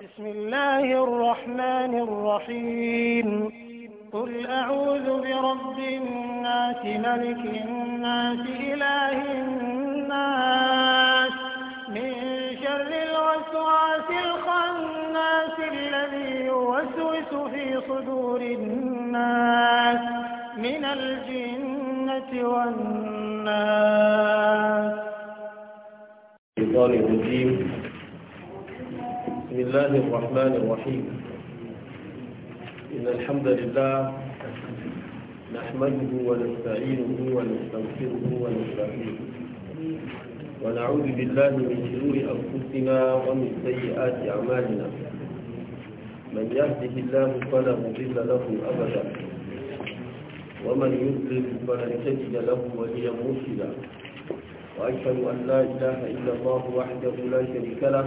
بسم الله الرحمن الرحيم قل أعوذ برب الناس ملك الناس إله الناس من شر الوسواس الخناس الذي يوسوس في صدور الناس من الجنة والناس الله الرحمن الرحيم إن الحمد لله نحمده ونستعينه ونستغفره ونستغفره ونعوذ بالله من شرور أنفسنا ومن سيئات أعمالنا من يهده الله فلا مضل له أبدا ومن يضلل فلن تجد له وليا مرشدا وأشهد أن لا إله إلا الله وحده لا شريك له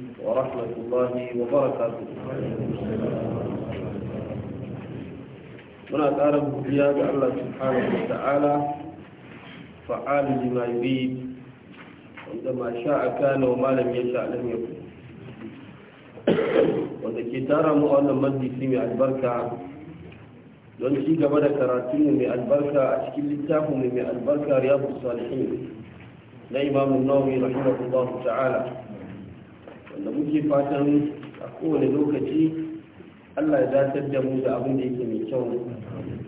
ورحمة الله وبركاته هناك أعلم بقياد الله سبحانه وتعالى فعال لما يريد عندما شاء كان وما لم يشاء لم يكن وذكي ترى مؤلم مدي سمي البركة don ci gaba كراتين karatun mai albarka a cikin littafin رياض الصالحين لإمام النووي رحمه الله تعالى da muke fatan a kowane lokaci allah ya datar da mu da abin da yake mai kyau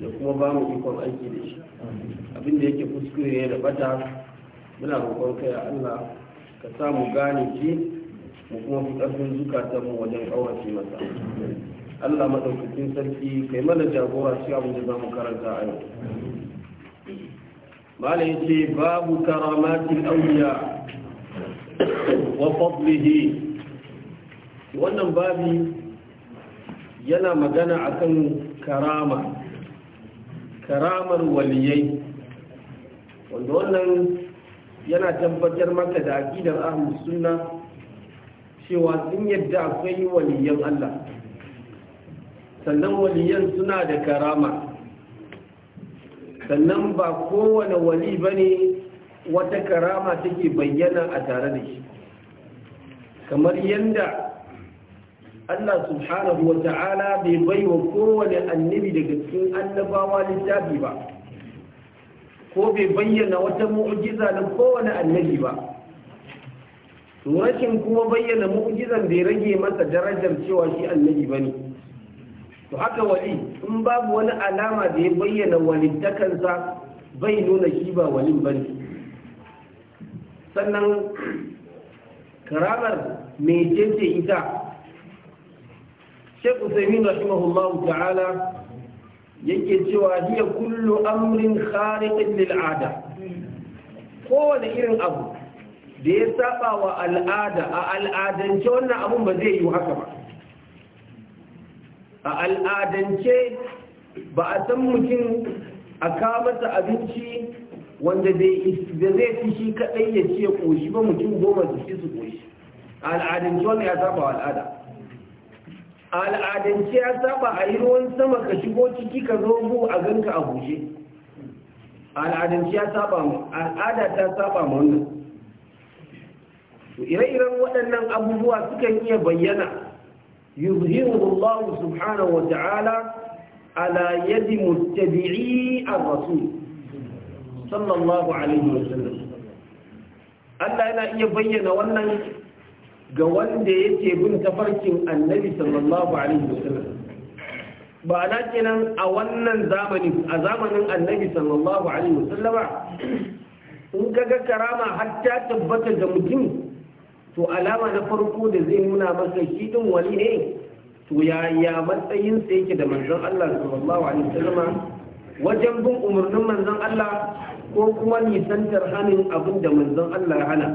da kuma ba mu ikon aiki da shi abin da yake kuskure da bata muna roƙon kai allah ka sa mu gane shi mu kuma fi ƙarfin mu wajen ƙaurace masa allah maɗaukacin sarki kai mana jagora shi abin da za mu karanta a yau malai ya ce babu karamatin auliya wa fadlihi wannan babi yana magana akan karama karamar waliyai wanda wannan yana tabbatar maka da aqidar ahlus sunna cewa sun yadda akwai waliyan Allah sannan waliyan suna da karama sannan ba kowane wali bane wata karama take bayyana a tare da shi kamar yadda Allah subhanahu wa ta'ala bai baiwa kowane annabi daga cikin annabawa littafi ba ko bai bayyana wata mu'jiza na kowane annabi ba rashin kuma bayyana mu'jizan bai rage masa darajar cewa shi annabi bane to haka wali in babu wani alama da ya bayyana walittakansa bai nuna shi ba walin bane sannan karamar mecece ita Sheikh Usaimin rahimahullahu ta'ala yake cewa hiya kullu amrin khariqin lil ada kowane irin abu da ya saba wa al'ada a al'adance wannan abun ba zai yi haka ba a al'adance ba a san mutum a kamata abinci wanda da zai fi shi kaɗai ya ce ƙoshi ba mutum goma su fi su ƙoshi a al'adance wannan ya saba wa al'ada al'adance ya saba a yi ruwan sama ka shigo ciki ka zo bu a ganka a bushe al'adance ya saba mu al'ada ta saba mu wannan ire-iren waɗannan abubuwa sukan iya bayyana yuzhiru Allah subhanahu wa ta'ala ala yadi muttabi'i ar-rasul sallallahu alaihi wa sallam Allah yana iya bayyana wannan ga wanda yake bin tafarkin annabi sallallahu alaihi wasallam ba na kenan a wannan zamani a zamanin annabi sallallahu alaihi wasallama in kaga karama hatta tabbata ga mutum to alama na farko da zai nuna masa shi din wali ne to yaya matsayin sa yake da manzon Allah sallallahu alaihi wasallama wajen bin umarnin manzon Allah ko kuma nisan tarhanin abin da manzon Allah ya hana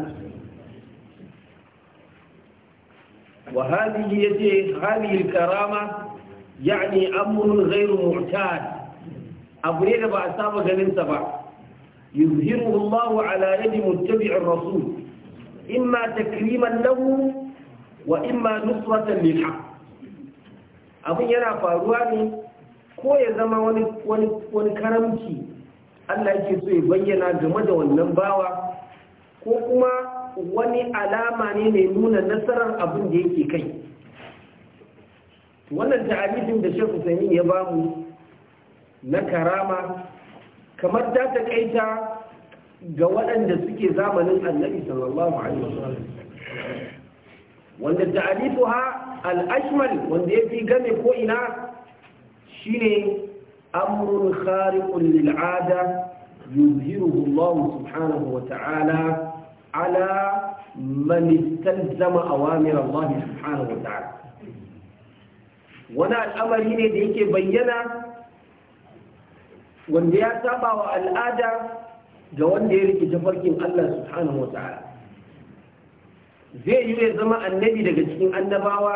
وهذه يجي هذه الكرامة يعني أمر غير معتاد أبو يد بأسابة جنين سبع يظهره الله على يد متبع الرسول إما تكريما له وإما نصرة للحق أبو ينا فارواني ko ya zama wani karamci Allah yake so ya bayyana game da wannan bawa ko kuma wani alama ne mai nuna nasarar abin da yake kai wannan ta'arifin da shekhu sami ya bamu na karama kamar ta takaita ga waɗanda suke zamanin annabi sallallahu alaihi wasallam wanda ta'arifuha al-ashmal wanda fi game ko ina shine amrun khariqun lil'ada 'ada yuzhiruhu Allah subhanahu wa ta'ala على من استلزم أوامر الله سبحانه وتعالى وانا الأمر هنا ديك bayyana wanda ya saba wa al'ada ga wanda ya rikice farkin Allah subhanahu zai yi ya zama annabi daga cikin annabawa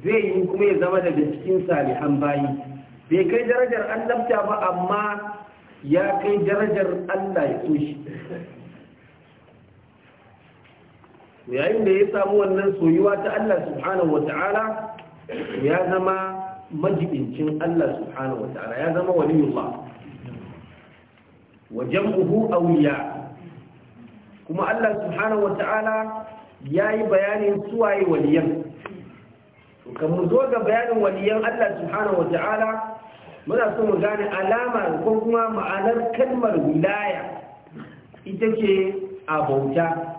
zai yi kuma ya zama daga cikin salihan bayi bai kai darajar annabta ba amma ya kai darajar Allah ya so shi yayin da ya samu wannan soyuwa ta Allah subhanahu wata'ala ya zama majibincin Allah subhanahu wata'ala ya zama waliyullah wa jam'uhu awliya kuma Allah subhanahu wata'ala yayi bayanin suwaye waliyan to kamar zo ga bayanin waliyan Allah subhanahu wata'ala muna so mu gane alama ko kuma ma'anar kalmar wilaya ita ce abauta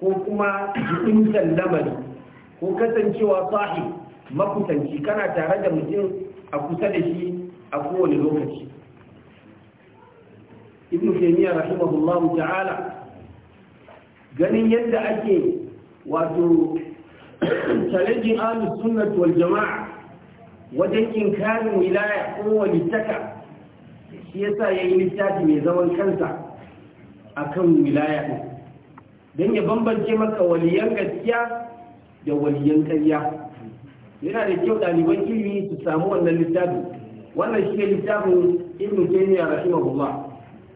ko kuma jikinsan lamari ko kasancewa sahi makusanci kana tare da mutum a kusa da shi a kowane lokaci ibn taymiyyah rahimahullahu ta'ala ganin yadda ake wato challenging ahlus sunnah wal jama'a wajen inkarin wilaya ko walittaka shi yasa yayi littafi mai zaman kansa akan wilaya don ya bambance maka waliyan gaskiya da waliyan karya yana da kyau ɗaliban ilimi su samu wannan littafi wannan shi ne littafin ibn taymiya rahimahullah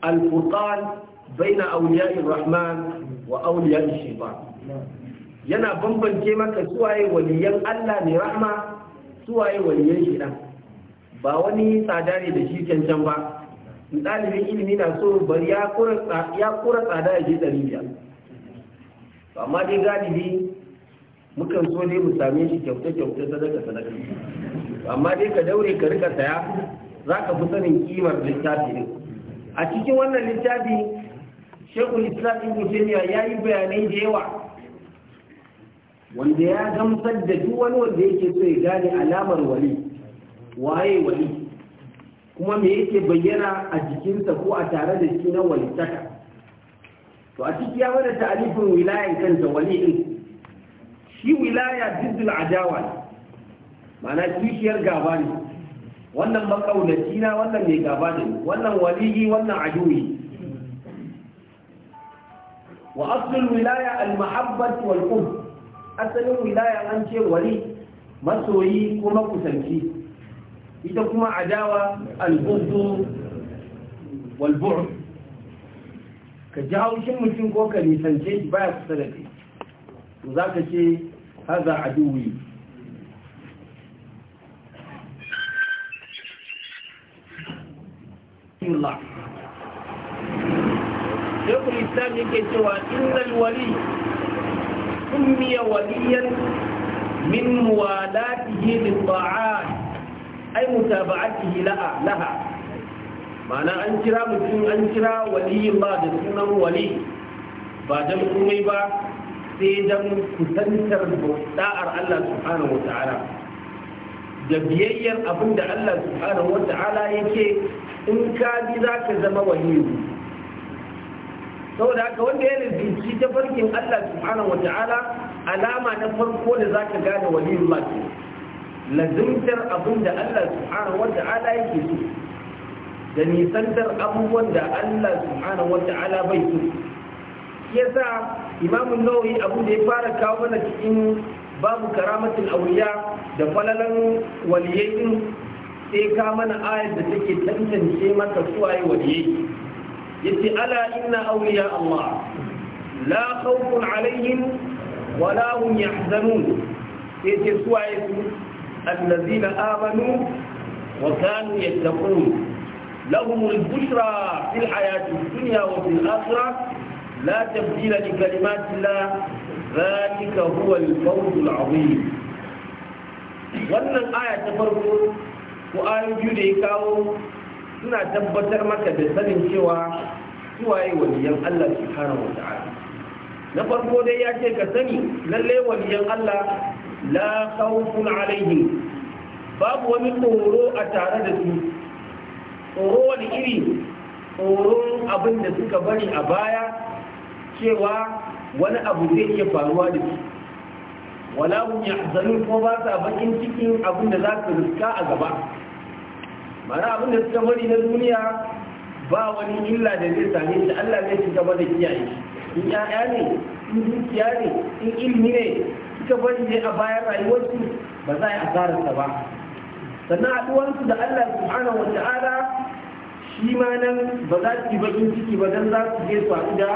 al-furqan baina awliya'ir rahman wa awliya'ish shaytan yana bambance maka suwaye waliyan Allah ne rahma suwaye waliyan shaytan ba wani tsada ne da shi cancan ba ɗalibin ilimi na so bari ya kura tsada ya je ɗari biyar amma dai galibi mukan so dai mu same shi kyauta-kyauta sadaka-sadaka amma dai ka daure ka rika saya za ka fi sanin kimar littafi ne a cikin wannan littafi shekul islam ibn ya yi bayanai da yawa wanda ya gamsar da duk wani wanda yake so ya gane alamar wali waye wali kuma me yake bayyana a jikinsa ko a tare da shi na walitaka to a ciki ya mana ta'alifin wilayan kanta wali din shi wilaya diddul adawa ne ma'ana kishiyar gaba ne wannan makaunaci na wannan mai gaba ne wannan waliyi wannan aduwi wa aslul wilaya al mahabbat wal qurb asalin wilaya an ce wali masoyi kuma kusanci ita kuma adawa al-bughd wal bu'd ka ji haushin mutum ko ka nisance shi baya kusa da kai to za ka ce haza aduwi shekul islam yake cewa innal wali سمي وليا من موالته للطاعات أي متابعته لها Ma'ana an kira mutum an kira waliyin ba da sunan wali ba don komai ba sai don kusantar da'ar Allah subhanahu wa ta'ala da biyayyar abin da Allah subhanahu wa ta'ala yake in ka bi za ka zama waliyu saboda haka wanda ya rubuci ta farkin Allah subhanahu wa ta'ala alama na farko da za ka gane waliyu ba ke lazimtar abin da Allah subhanahu wa ta'ala yake so da nisantar abubuwan da Allah subhanahu wa ta'ala bai so yasa imamun nawawi da ya fara kawo mana cikin babu karamatul awliya da falalan waliyyin sai ka mana ayar da take tantance maka suwaye waliyyi yace ala inna awliya Allah la khawfun alaihim wala hum yahzanun yace suwaye su allazina amanu wa ya yattaqun لهم البشرى في الحياة الدنيا وفي الآخرة لا تبديل لكلمات الله ذلك هو الفوز العظيم wannan aya ta farko ko ayoyi da ya kawo suna tabbatar maka da sanin cewa suwaye waliyan Allah subhanahu wa ta'ala na farko dai ya ce ka sani lallai waliyan Allah la khawfun alaihim babu wani tsoro a tare da su tsoro wani iri tsoron abin da suka bari a baya cewa wani abu zai iya faruwa da su wala ya yahzanun ko ba sa bakin cikin abin da za su riska a gaba mana abin da suka bari na duniya ba wani illa da zai same shi Allah zai ci gaba da kiyaye shi in ya'ya ne in dukiya ne in ilimi ne suka bari ne a bayan rayuwarsu ba za a yi asararsa ba sannan haɗuwarsu da Allah subhanahu wa ta'ala shi ma nan ba za su yi bakin ciki ba dan za su je su haɗu da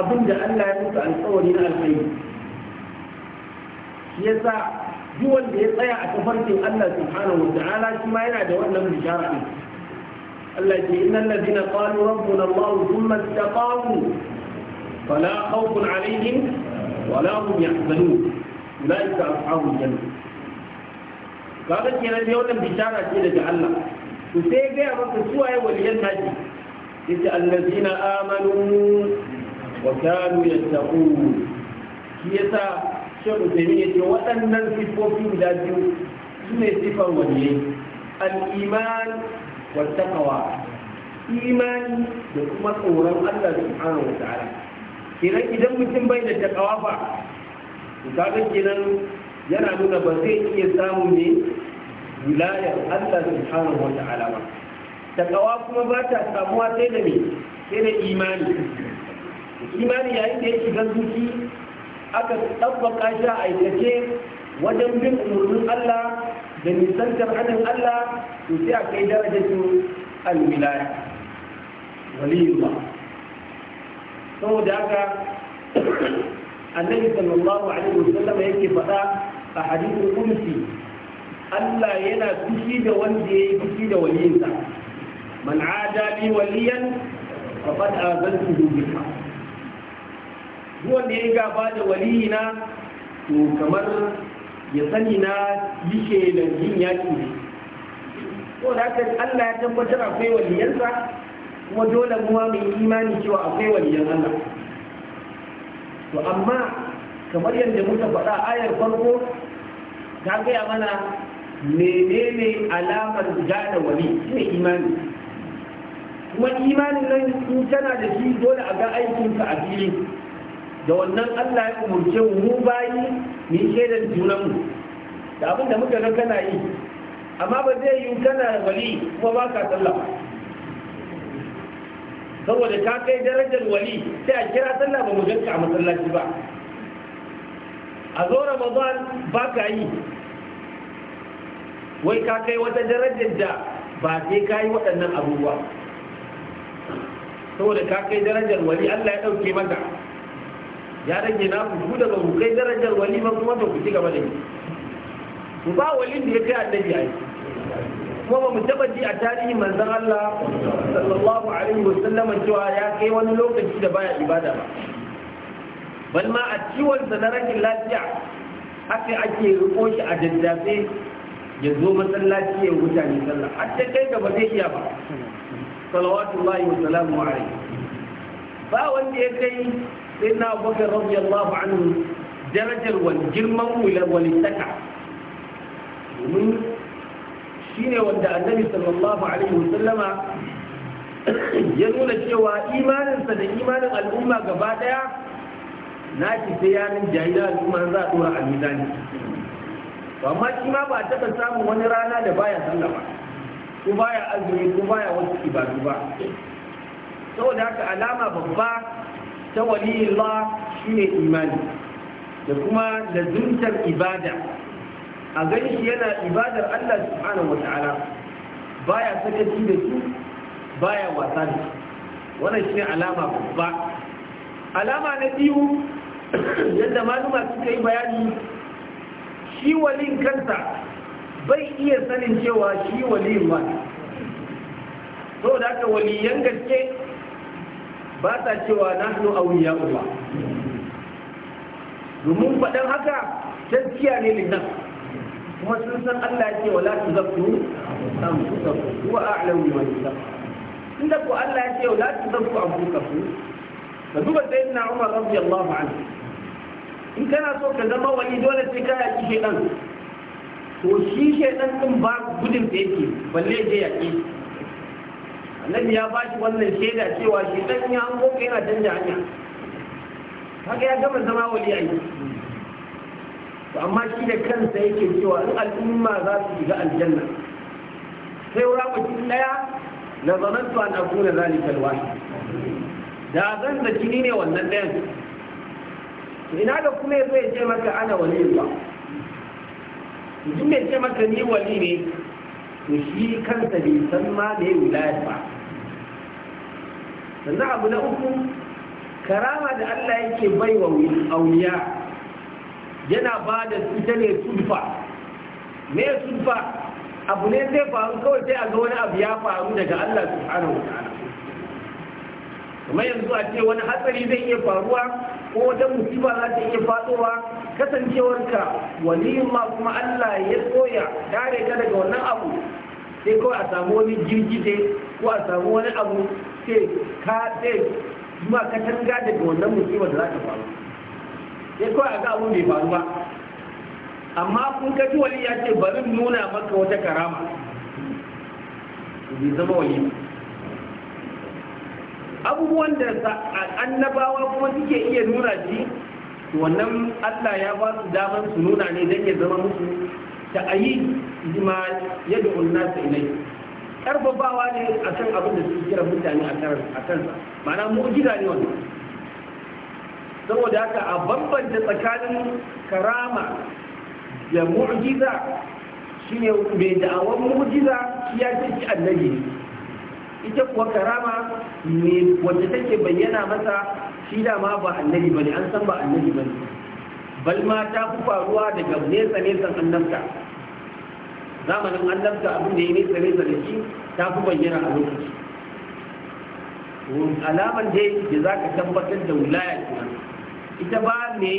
abin da Allah ya musu alƙawari na alƙairi shi sa duk wanda ya tsaya a tafarkin Allah subhanahu wa ta'ala shi ma yana da wannan bishara ɗin Allah ce innal na qalu rabbuna Allah thumma istaqamu fala khawfun alaihim wala hum yahzanun ulaika ashabul jannah ga kenan dai wannan bishara ce daga Allah to sai ga ya maka suwaye waliyan naji yace allazina amanu wa kanu yattaqun shi yasa shehu taimi yace waɗannan sifofi guda biyu su ne sifar waliyai al-iman wa taqwa imani da kuma tsoron Allah subhanahu wa ta'ala kenan idan mutum bai da taqwa ba to kaga kenan yana nuna ba zai iya samun ne wilayar Allah subhanahu wa ta'ala ba kawa kuma ba ta samuwa sai da ne sai da imani imani yayin da ya shiga zuci aka tabbaka shi a aikace wajen bin umarnin Allah da nisantar hannun Allah to sai a kai darajatin alwilaya waliyullah saboda haka annabi sallallahu alaihi wasallam yake faɗa a hadisin kulsi Allah yana fushi da wanda ya yi fushi da waliyinsa man bi waliyan faqad bi bil wanda ya gaba da waliyina to kamar ya sani na yi da yin yaki ne ko da haka Allah ya tabbatar akwai waliyansa kuma dole kuma mu imani cewa akwai waliyan Allah to amma kamar yadda muka faɗa ayar farko ta gaya mana menene alamar gane wani shine imani kuma imanin nan in tana da shi dole a ga ka a fili da wannan Allah ya umarci mu bayi mu shaidar junanmu da abin da muka ga kana yi amma ba zai yi kana wali kuma ba ka sallah saboda ka kai darajar wali sai a kira sallah ba mu ganka a masallaci ba a zo ramadan ba ka yi wai ka kai wata darajar da ba sai ka yi waɗannan abubuwa saboda ka kai darajar wali allah ya ɗauke maka ya rage na ku daga ku kai darajar wali ba kuma ba ku ci gaba da yi ku ba walin da ya kai annabi yi. kuma ba mu taɓa ji a tarihi manzan Allah sallallahu alaihi wasallam cewa ya kai wani lokaci da baya ibada ba Balma a ciwon sa na rashin lafiya haka ake riko shi a daddafe ya zo masallaci ya mutane sallah a ta kai da ba zai iya ba salawatu salawatullahi wa salamu alaihi ba wanda ya kai sai na bakar radiyallahu a'nu darajar wal girman wular walittaka domin shine ne wanda annabi sallallahu alaihi wa sallama ya nuna cewa imaninsa da imanin al'umma gaba daya na ki sai yanin jahila al'umma za a dora a mizani to amma shi ma ba taɓa samun wani rana da baya sallah ba ko baya azumi ko baya wasu ibadu ba saboda haka alama babba ta waliyullah shine imani da kuma lazuntar ibada a gani shi yana ibadar Allah subhanahu wa ta'ala baya sakaci da su baya wasa da su wannan shine alama babba alama na biyu yadda maluma suka yi bayani shi walin kansa bai iya sanin cewa shi walin ba sau da aka waliyan gaske ba ta cewa na hannu auliya ba domin faɗin haka gaskiya ne linnan kuma sun san Allah ya ce wa la tuzakku anfusakum wa a'lamu bi man inda ku Allah ya ce wa la tuzakku anfusakum ka duba sai na umar rabbi allahu in kana so ka zama wani dole sai ka yaki shaidan to shi shaidan din ba gudun da yake balle je yaki annabi ya bashi wannan shaida cewa shaidan ya hango ka yana canja hanya haka ya gama zama wali ayi amma shi da kansa yake cewa in al'umma za su shiga aljanna sai wura mutum ɗaya na zanantu an akuna zalikal wahid da zan da jini ne wannan ɗayan ina da kuma ya zai ce maka ana wali ba mutum ya ce maka ni wani ne to shi kansa bai san ma da ya wilayar ba sannan abu na uku karama da Allah yake bai wa yana ba da ita ne sulfa me sulfa abu ne zai faru kawai sai a ga wani abu ya faru daga Allah subhanahu wa ta'ala kamar yanzu a ce wani hatsari zai iya faruwa ko wata musiba za ta iya faɗowa kasancewarka waliyin ma kuma Allah ya soya kare ka daga wannan abu sai kawai a samu wani girgije ko a samu wani abu sai ka sai ka tanga daga wannan musiba da za ta faru sai kawai a ga abu bai faru ba amma kun ka wani ya ce bari nuna maka wata karama bai zama wali ba abubuwan da annabawa kuma suke iya nuna shi wannan Allah ya ba su damar su nuna ne don ya zama musu ta ta'ayi ma yadda ulna su ilai karfafawa ne a kan abin da suke kira mutane a kansa ma'ana mu'jiza ne wannan saboda haka a bambanta tsakanin karama da mu'jiza shine mai da'awar mu'jiza ya ce shi annabi ita kuwa karama ne wacce take bayyana masa shi ma ba annabi bane an san ba annabi bane bal ma ta fi faruwa daga nesa nesa annabta zamanin annabta abin da ya nesa nesa da shi ta fi bayyana a lokaci alaman dai da za ka tabbatar da wulaya kuma ita ba me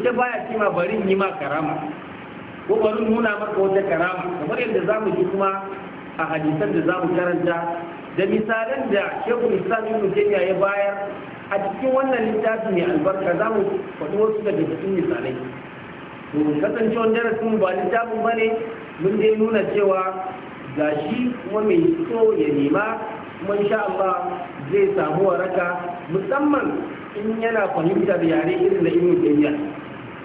ita baya barin yi ma karama ko barin nuna maka wata karama kamar yadda za mu ji kuma a hadisan da za mu karanta da misalan da shekul islam ibn taymiya ya bayar a cikin wannan littafi mai albarka za mu faɗi wasu daga cikin misalai to kasancewar darasin ba littafin ba ne mun dai nuna cewa ga shi kuma mai so ya nema kuma sha Allah zai samu waraka musamman in yana fahimtar yare irin da ibn taymiya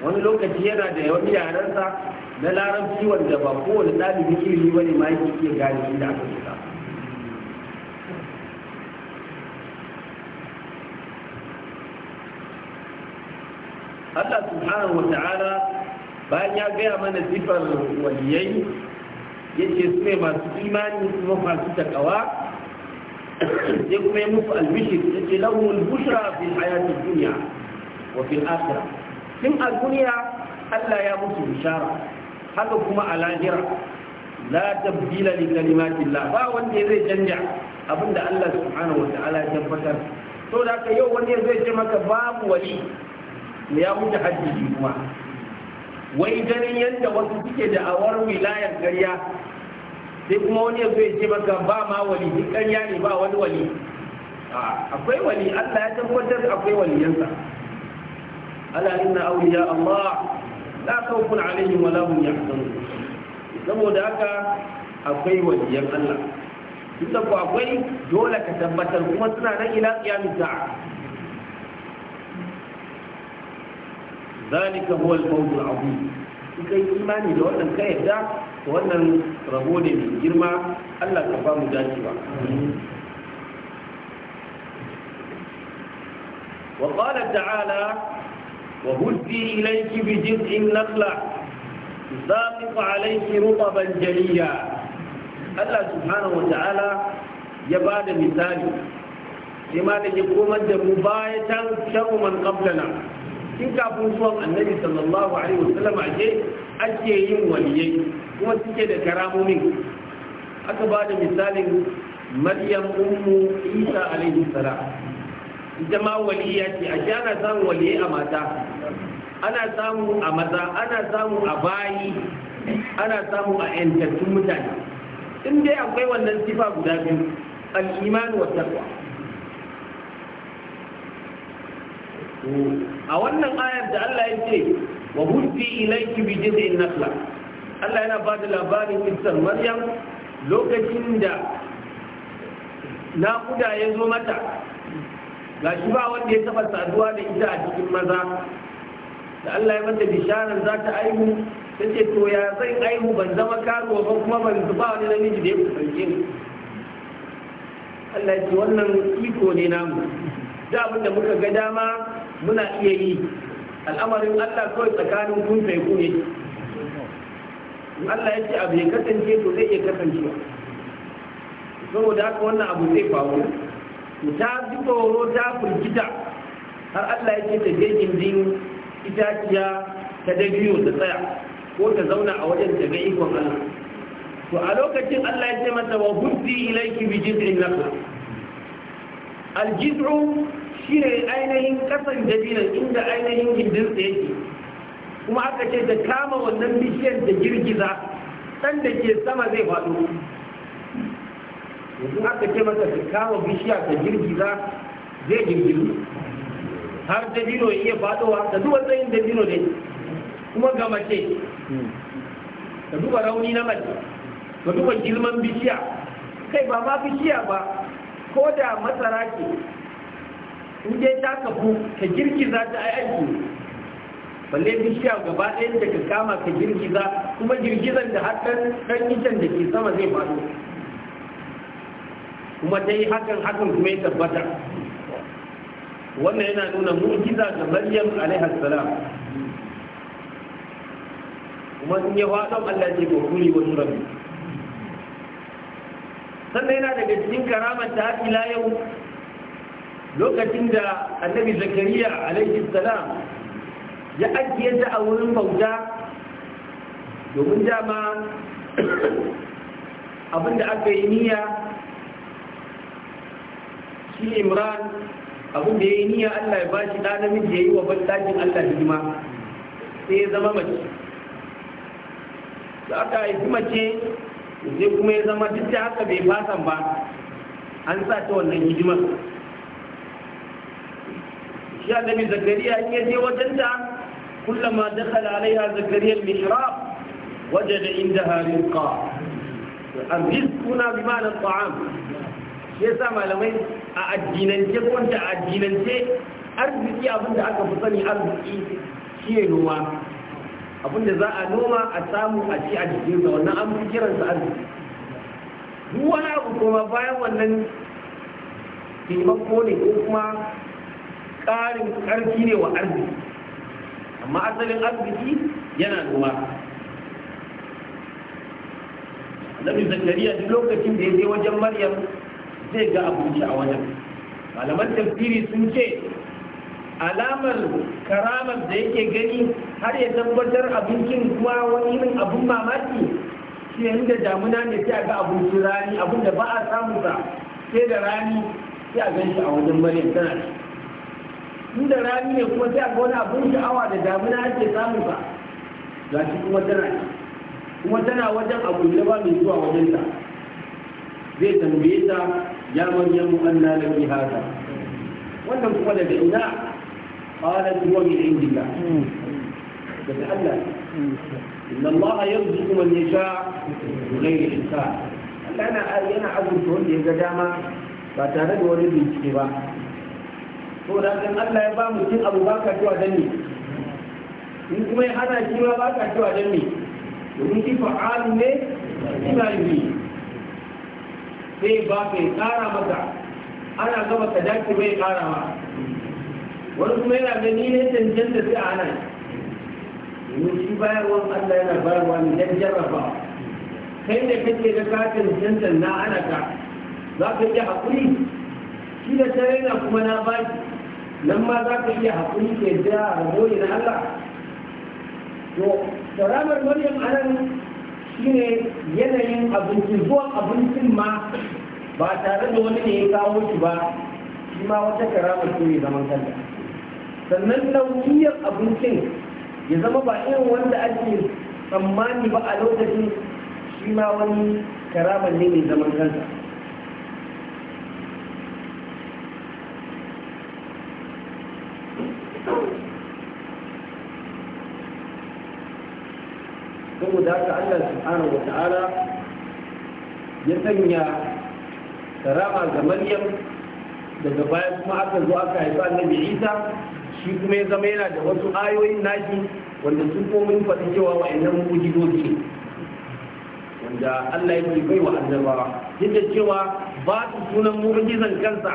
wani lokaci yana da wani yarensa na larabci wanda ba kowane ɗalibin ilimi ba ma yake iya gane inda aka shiga Allah subhanahu wa ta'ala bayan ya gaya mana sifar waliyai yake su ne masu imani kuma masu takawa sai kuma yi musu albishir ya ce lahumul bushra fi hayati duniya wa fi akhirah tun a duniya Allah ya musu bishara haka kuma a lahira la tabdila li kalimatillah ba wanda zai canja abinda Allah subhanahu wa ta'ala ya tabbatar to da yau wanda zai ce maka babu wali ya wuce hajji kuma wai ganin yadda wasu suke da awar wilayar karya sai kuma wani yanzu ya ce maka ba ma wali duk karya ne ba wani wali akwai wali Allah ya tabbatar akwai waliyansa ala inna awliya Allah la khawfun alaihim wala hum yahzanun saboda haka akwai waliyan Allah duk da akwai dole ka tabbatar kuma suna nan ila qiyamis sa'a ذلك هو الفوز العظيم in kai imani da wannan ka yadda wannan rabo ne mai girma Allah ka ba mu dacewa wa qala ta'ala wa huddi ilayki bi jiz'in nakhla تساقط عليك رطبا جليا Allah subhanahu wa ta'ala ya ba da misali sai ma da ke komar da mu baya can sharu man qablana tun kafin zuwan annabi sallallahu alaihi wasallam ake ake yin waliyai kuma suke da karamomin aka ba da misalin maryam ummu isa alaihi salam ita ma waliya ce a ana samun waliyai a mata ana samu a maza ana samu a bayi ana samu a yantattun mutane in dai akwai wannan sifa guda biyu al-iman wa taqwa a wannan ayar da Allah ya ce wa huddi ilayki bi jiz'in nakla Allah yana bada da labarin Isar Maryam lokacin da naƙuda ya zo mata ga shi ba wanda ya taɓa saduwa da ita a cikin maza da Allah ya mata bisharar za ta aihu ta ce to ya zai aihu ban zama karuwa ba kuma ban zuba wani namiji da ya kusance Allah ya ce wannan iko ne namu da abin da muka ga dama muna iya yi al'amarin Allah kawai tsakanin kun sai ku ne Allah ya ce abu ya kasance to zai iya kasancewa saboda haka wannan abu zai faru ta ji tsoro ta firgita har Allah ya ce ta je gindin itaciya ta dabiyo ta tsaya ko ta zauna a wajen ta ga ikon Allah to a lokacin Allah ya ce mata wa hudi ilayki bi jiz'in nakla al jiz'u shi ne ainihin kasan jabinan inda ainihin gindin sa yake kuma aka ce ta kama wannan bishiyar da girgiza ɗan da ke sama zai faɗo yanzu aka ce masa ta kama bishiya da girgiza zai girgizu har dabino ya iya faɗowa da duba tsayin dabino ne kuma ga mace da duba rauni na mace da duba girman bishiya kai ba ma bishiya ba ko da masara ce in dai ta kafu ka girgiza ta aiki balle bishiya gaba ɗayan da ka kama ka girgiza kuma girgizan da har ɗan itan da ke sama zai faɗo kuma ta yi hakan hakan kuma ya tabbata wannan yana nuna murgiza ga maryam alaihi salam kuma in yi faɗo Allah ce ko kuri wa rabbi sannan yana daga cikin karamar ta ila yau lokacin da annabi zakariya alaihi salam ya ajiye ta a wurin bauta domin dama abinda aka yi niyya shi imran abinda ya yi niyya allah ya ba shi ɗanamin da ya yi wa bantakin allah hidima sai ya zama mace da aka haifi mace sai kuma ya zama duk da haka bai fasan ba an sa ta wannan hidimar shi annabi zakariya in ya je wajen ta kullama dakhala alaiha zakariya al-mihrab wajada indaha rizqa arrizquna bi ma'na at'am shi yasa malamai a addinance wanda a addinance arziki abinda aka fi sani arziki shi ne noma abinda za a noma a samu a ci a jikinsa wannan an kiransa bayan wannan taimako ne ko kuma ƙarin ƙarfi ne wa arziki amma asalin arziki yana noma annabi zakariya duk lokacin da ya je wajen maryam zai ga abinci a wajen malaman tafsiri sun ce alamar karamar da yake gani har ya tabbatar abincin kuma wani irin abun mamaki shi inda damuna ne sai a ga abinci rani abin da ba a samu sa sai da rani sai a gan a wajen maryam tana tunda rani ne kuma sai a wani abun sha'awa da damuna ake samu ba ga shi kuma tana kuma tana wajen abu da ba mai zuwa wajen ta zai tambaye ta ya manyan mu'anna da ke haka wannan kuma daga ina قالت هو من عند ya sha إن الله يرزق من Yana بغير حساب أنا ga dama ba tare da wani bincike ba. to da kan Allah ya ba mu cin abu baka cewa dan ne in kuma ya hana shi ma baka cewa dan ne domin shi fa'alu ne ina yi sai ba kai kara maka ana gaba ka dace bai kara ma wani kuma yana gani ne cancanta sai a hana domin shi bayarwan Allah yana bayarwa ne dan jarraba kai ne kake da katin cancanta na ana ka za ka iya haƙuri shi da tare na kuma na baki nan ma za ka iya haƙuri ke jira a ragori na Allah to karamar maryam anan ne yanayin abinci zuwa abincin ma ba tare da wani ne ya kawo shi ba shi ma wata karamar ce mai zaman kanta sannan nau'iyar abincin ya zama ba irin wanda ake tsammani ba a lokacin shi ma wani karamar ne mai zaman kanta saboda haka Allah subhanahu wa ta'ala ya sanya karama ga Maryam daga baya kuma aka zo aka haifa Annabi Isa shi kuma ya zama yana da wasu ayoyin naki wanda su mun faɗi cewa wa'annan mujizoji wanda Allah yake bai wa annabawa duk da cewa ba su sunan mujizan kansa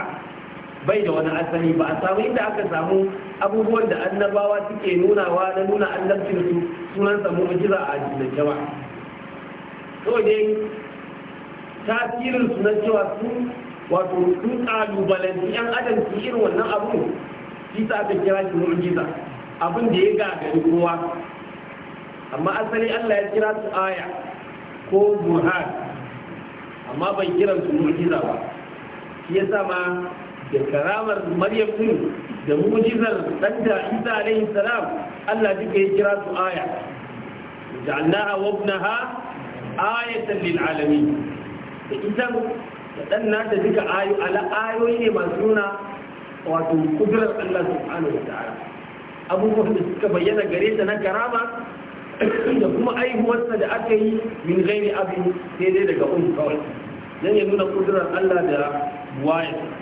bai da wani asali ba a samu inda aka samu abubuwan da annabawa suke nunawa na nuna annabcin su sunan samu mujiza a addinance ba to dai tasirin su na cewa su wato sun kalubalanci yan adam su irin wannan abu shi sa aka kira shi mu'jiza abin da ya gagari kowa amma asali Allah ya kira su aya ko burhan amma bai kiran su mu'jiza ba shi ya sa ma da karamar maryam din da mujizar da isa alaihi salam allah duka ya kira su aya ja'alnaha wa ibnaha ayatan lil alamin da ita da ɗan da duka ayo ala ayoyi ne masu nuna wato kudurar allah subhanahu wa ta'ala abubuwan da suka bayyana gare ta na karama da kuma aihuwarsa da aka yi min gairi abin daidai daga un kawai zai nuna kudurar allah da wayarsa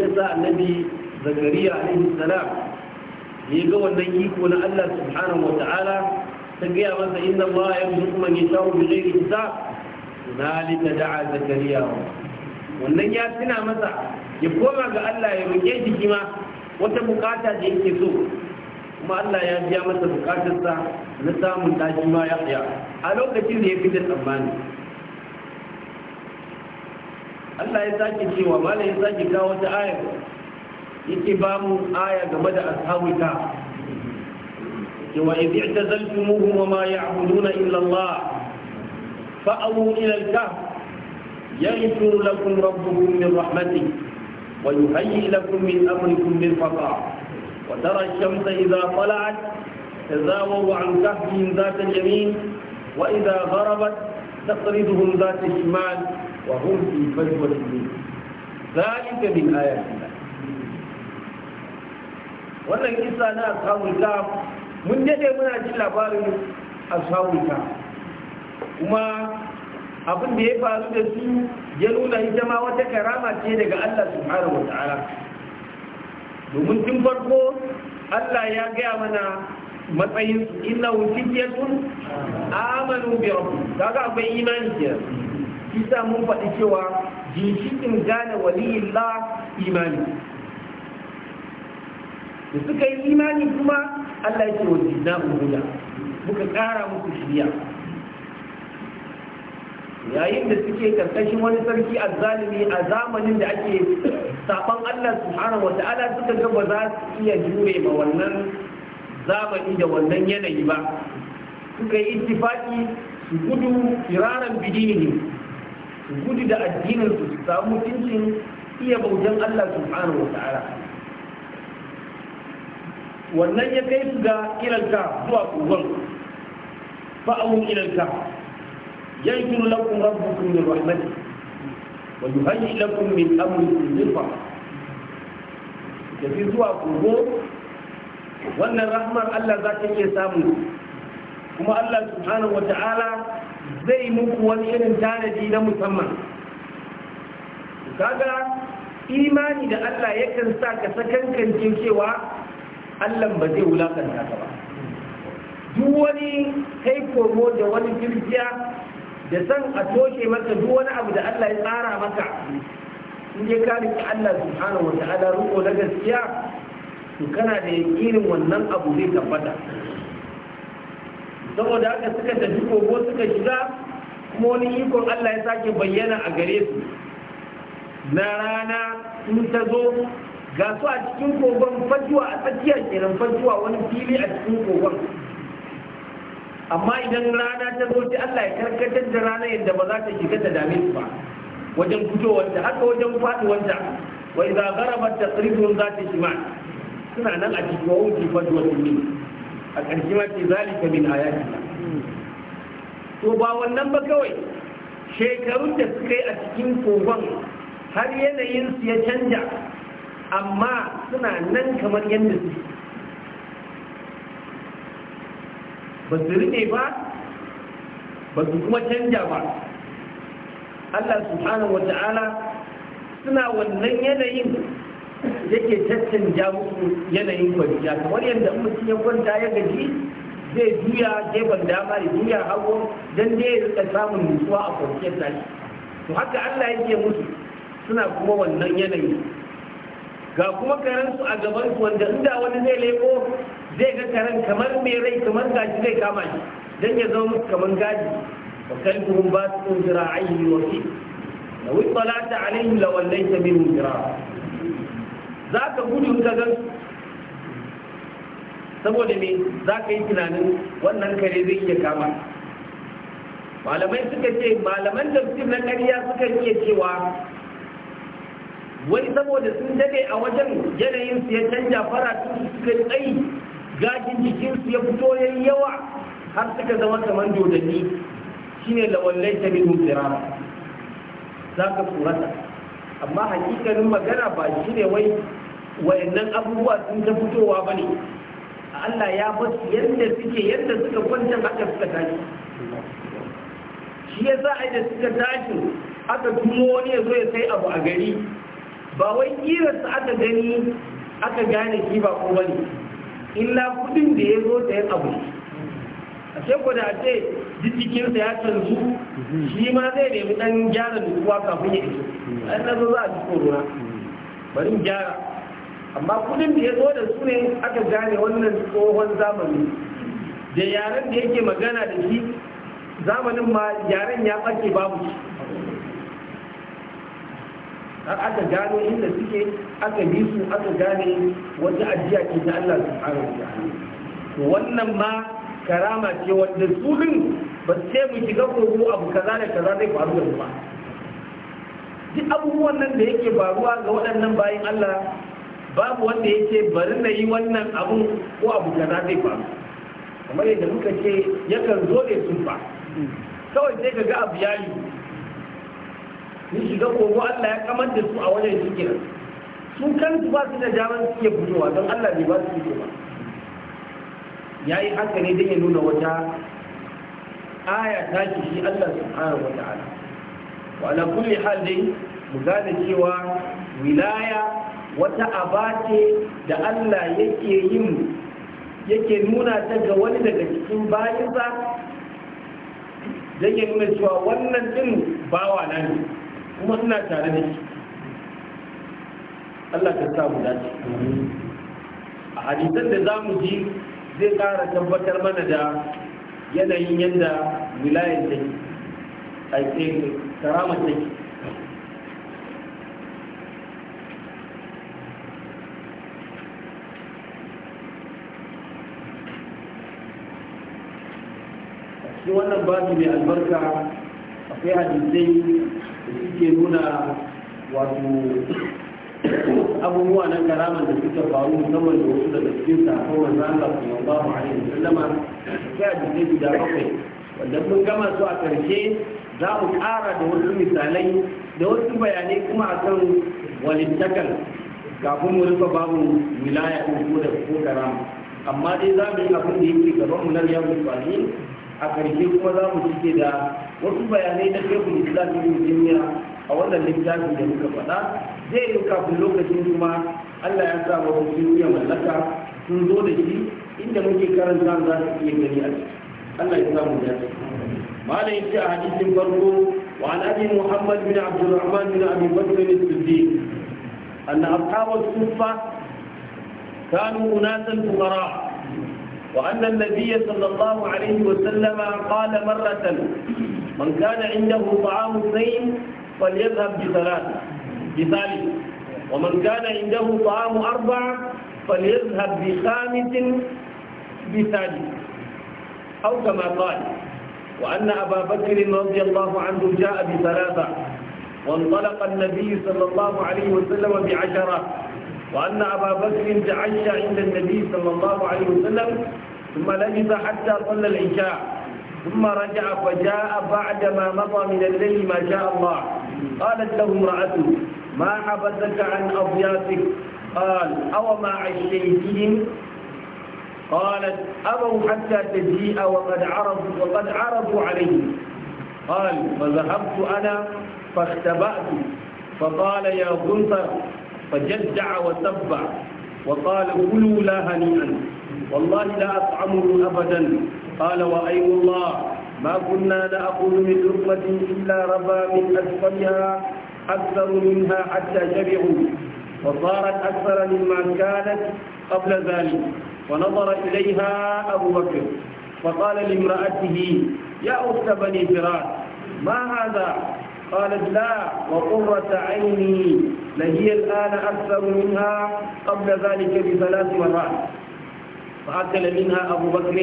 shi yasa annabi zakariya alaihi salam ya ga wannan iko na Allah subhanahu wata'ala ta gaya masa inna ma ya yi kuma ya shawo bi zai isa zalika da'a zakariya wannan ya tuna masa ya koma ga Allah ya roƙe shi kima wata bukata da yake so kuma Allah ya biya masa bukatarsa na samun daji ma ya tsaya a lokacin da ya fi da tsammani Allah ya sake cewa mala ya sake kawo wata aya yake ba mu aya game da ashabul ka cewa idh i'tazaltumuhum wa ma ya'buduna illa Allah fa'awu ila al-kahf yaghfir lakum rabbukum min rahmatihi wa yuhayyi lakum min amrikum mirfaqa wa tara ash-shamsa idha tala'at تزاوروا عن كهفهم ذات اليمين وإذا غربت تقرضهم ذات الشمال وهم في فجوة منه ذلك من آيات الله wannan kisa na ashabul ta mun dade muna jin labarin ashabul ta kuma abin da ya faru da su ya nuna ita ma wata karama ce daga Allah subhanahu wataala domin tun farko Allah ya gaya mana matsayin innahu fityatun amanu bi rabbihim kaga akwai imani ke kisa mun faɗi cewa ginshikin gane waliyin la imani da suka yi imani kuma Allah ya ce wa jina umuda muka ƙara muku shirya yayin da suke karkashin wani sarki al-zalimi a zamanin da ake saban Allah subhanahu wata'ala suka ga ba za su iya jure ma wannan zamani da wannan yanayi ba suka yi ittifaki su gudu firaran bidini gudu da addinin su samu mutuncin iya bautan Allah subhanahu wa ta'ala wannan ya kai su ga ilalka zuwa kogon fa'awun ilalka yankin lakun rabbukum min rahmati wa yuhayyi lakum min amrikum zirfa tafi zuwa kogo wannan rahmar Allah za ta iya samu kuma Allah subhanahu wa ta'ala zai muku wani irin tanadi na musamman kaga imani da Allah yakan sa ka sakankance cewa Allah ba zai wulakanta ka ba duk wani kai da wani jirgiya da san a toshe maka duk wani abu da Allah ya tsara maka in dai ka riki Allah subhanahu wa ta'ala na gaskiya to kana da yakinin wannan abu zai tabbata saboda haka suka tafi kogo suka shiga kuma wani ikon Allah ya sake bayyana a gare su na rana in ta zo ga su a cikin kogon fajuwa a tsakiyar kenan fajuwa wani fili a cikin kogon amma idan rana ta zo ta Allah ya karkatar da rana yadda ba za ta shiga ta dame su ba wajen fito wanda haka wajen faduwarta wa idza gharabat taqribun zati shimal suna nan a cikin wawuti fajuwa ne a ƙarshe ma ce zalika min ayatina to ba wannan ba kawai shekarun da suka yi a cikin kogon har yanayin su ya canja amma suna nan kamar yadda su ba su riƙe ba ba su kuma canja ba Allah subhanahu wa ta'ala suna wannan yanayin yake caccanja musu yanayin kwanciya kamar yadda mutum ya kwanta ya gaji zai juya gefen dama da juya hagu don dai ya samun nutsuwa a kwanciyar tashi to haka Allah yake mutu suna kuma wannan yanayi ga kuma su a gaban su wanda inda wani zai leko zai ga karan kamar mai rai kamar gaji zai kama shi dan ya zama musu kamar gaji wa kalbuhum ba su kun jira ayyi wa fi law ittala'ta alaihim lawallaita minhum jira za ka gudu ka gan saboda me za ka yi tunanin wannan kare zai iya kama malamai suka ce malaman tafsir na ƙarya suka iya cewa Wani saboda sun dade a wajen yanayin su ya canja faratun suka tsayi jikin jikinsu ya fito ya yawa har suka zama kamar dodanni shine lawallai ta bi firama za ka tsorata amma hakikanin magana ba shi ne wai wayannan abubuwa sun ta fitowa ba ne Allah ya bar yadda suke yadda suka kwanta haka suka tashi shi ya a ai da suka tashi aka tumo wani ya zo ya sai abu a gari ba wai kirarsa aka gani aka gane shi ba ko ba ne illa kudin da ya zo ta yin abu ashe ko da ce jikin sa ya canzu shi ma zai nemi dan gyara dukuwa kafin ya iso an nazo za a ji korona bari gyara amma kudin da ya zo da su ne aka gane wannan tsohon zamani da yaren da yake magana da shi zamanin ma yaren ya ɓace babu shi har aka gano inda suke aka bi su aka gane wata ajiya ke da Allah subhanahu wa ta'ala wannan ma karama ce wanda su din ba su ce mu shiga kogo abu kaza da kaza zai faru da ba duk abubuwan nan da yake faruwa ga waɗannan bayan Allah babu wanda yake bari na yi wannan abu ko abu kaza zai faru kamar yadda muka ce yakan zo ne sun fa kawai sai ka ga abu ya yi sun shiga kogo Allah ya kamar da su a wajen shi kiran su kan su ba su da damar suke fitowa don Allah bai ba su fito ba ya yi haka ne don ya nuna wata aya ta ce shi Allah subhanahu wa ta'ala wa ala kulli hal dai mu gane cewa wilaya wata aba ce da Allah yake yin yake nuna ta ga wani daga cikin bayansa zai nuna cewa wannan din bawa na ne kuma suna tare da shi Allah ta samu dace a hadisan da za mu ji zai kara tabbatar mana da yanayin yadda wilayar take a tsaye eh, karamar take cikin wannan babu mai albarka akwai hadisai da suke nuna wato abubuwa na karaman da suke faru musamman da wasu daga cikin sakon ba mu sallallahu alaihi sallama sai a ne guda bakwai wanda mun gama su a karshe za mu ƙara da wasu misalai da wasu bayanai kuma a kan walittakal kafin mu rufe babu wilaya ko da ko karama amma dai za mu yi abin da yake gaban mu na riyadu salihin a karshe kuma za mu cike da wasu bayanai da shekul islam ibn a wannan littafin da muka faɗa zai yi kafin lokacin kuma Allah ya sa wa wasu ya mallaka sun zo da shi inda muke karanta za su iya gani a ciki Allah ya sa mu dace malam yace a hadisin farko wa an abi muhammad bin abdurrahman bin abi bakr bin siddiq anna ashabu sufa كانوا أناسا فقراء وأن النبي صلى الله عليه وسلم قال مرة من كان عنده طعام سيء فليذهب بثلاث بثالث ومن كان عنده طعام أربعة فليذهب بخامس بثالث أو كما قال وأن أبا بكر رضي الله عنه جاء بثلاثة وانطلق النبي صلى الله عليه وسلم بعشرة وأن أبا بكر تعشى عند النبي صلى الله عليه وسلم ثم لبث حتى صلى العشاء ثم رجع فجاء بعدما مضى من الليل ما شاء الله قالت له امرأته ما حبسك عن أضيافك قال أو ما عشيتهم قالت أبوا حتى تجيء وقد عرفوا وقد عرفوا عليه قال فذهبت أنا فاختبأت فقال يا غنثر فجدع وتبع وقال كلوا لا هنيئا والله لا أطعمه أبدا قال وأي الله ما كنا نأخذ من لقمة إلا ربا من أسفلها أكثر منها حتى شبعوا وصارت أكثر مما كانت قبل ذلك ونظر إليها أبو بكر فقال لامرأته يا أخت بني فراس ما هذا قالت لا وقرة عيني لهي الآن أكثر منها قبل ذلك بثلاث مرات فأكل منها أبو بكر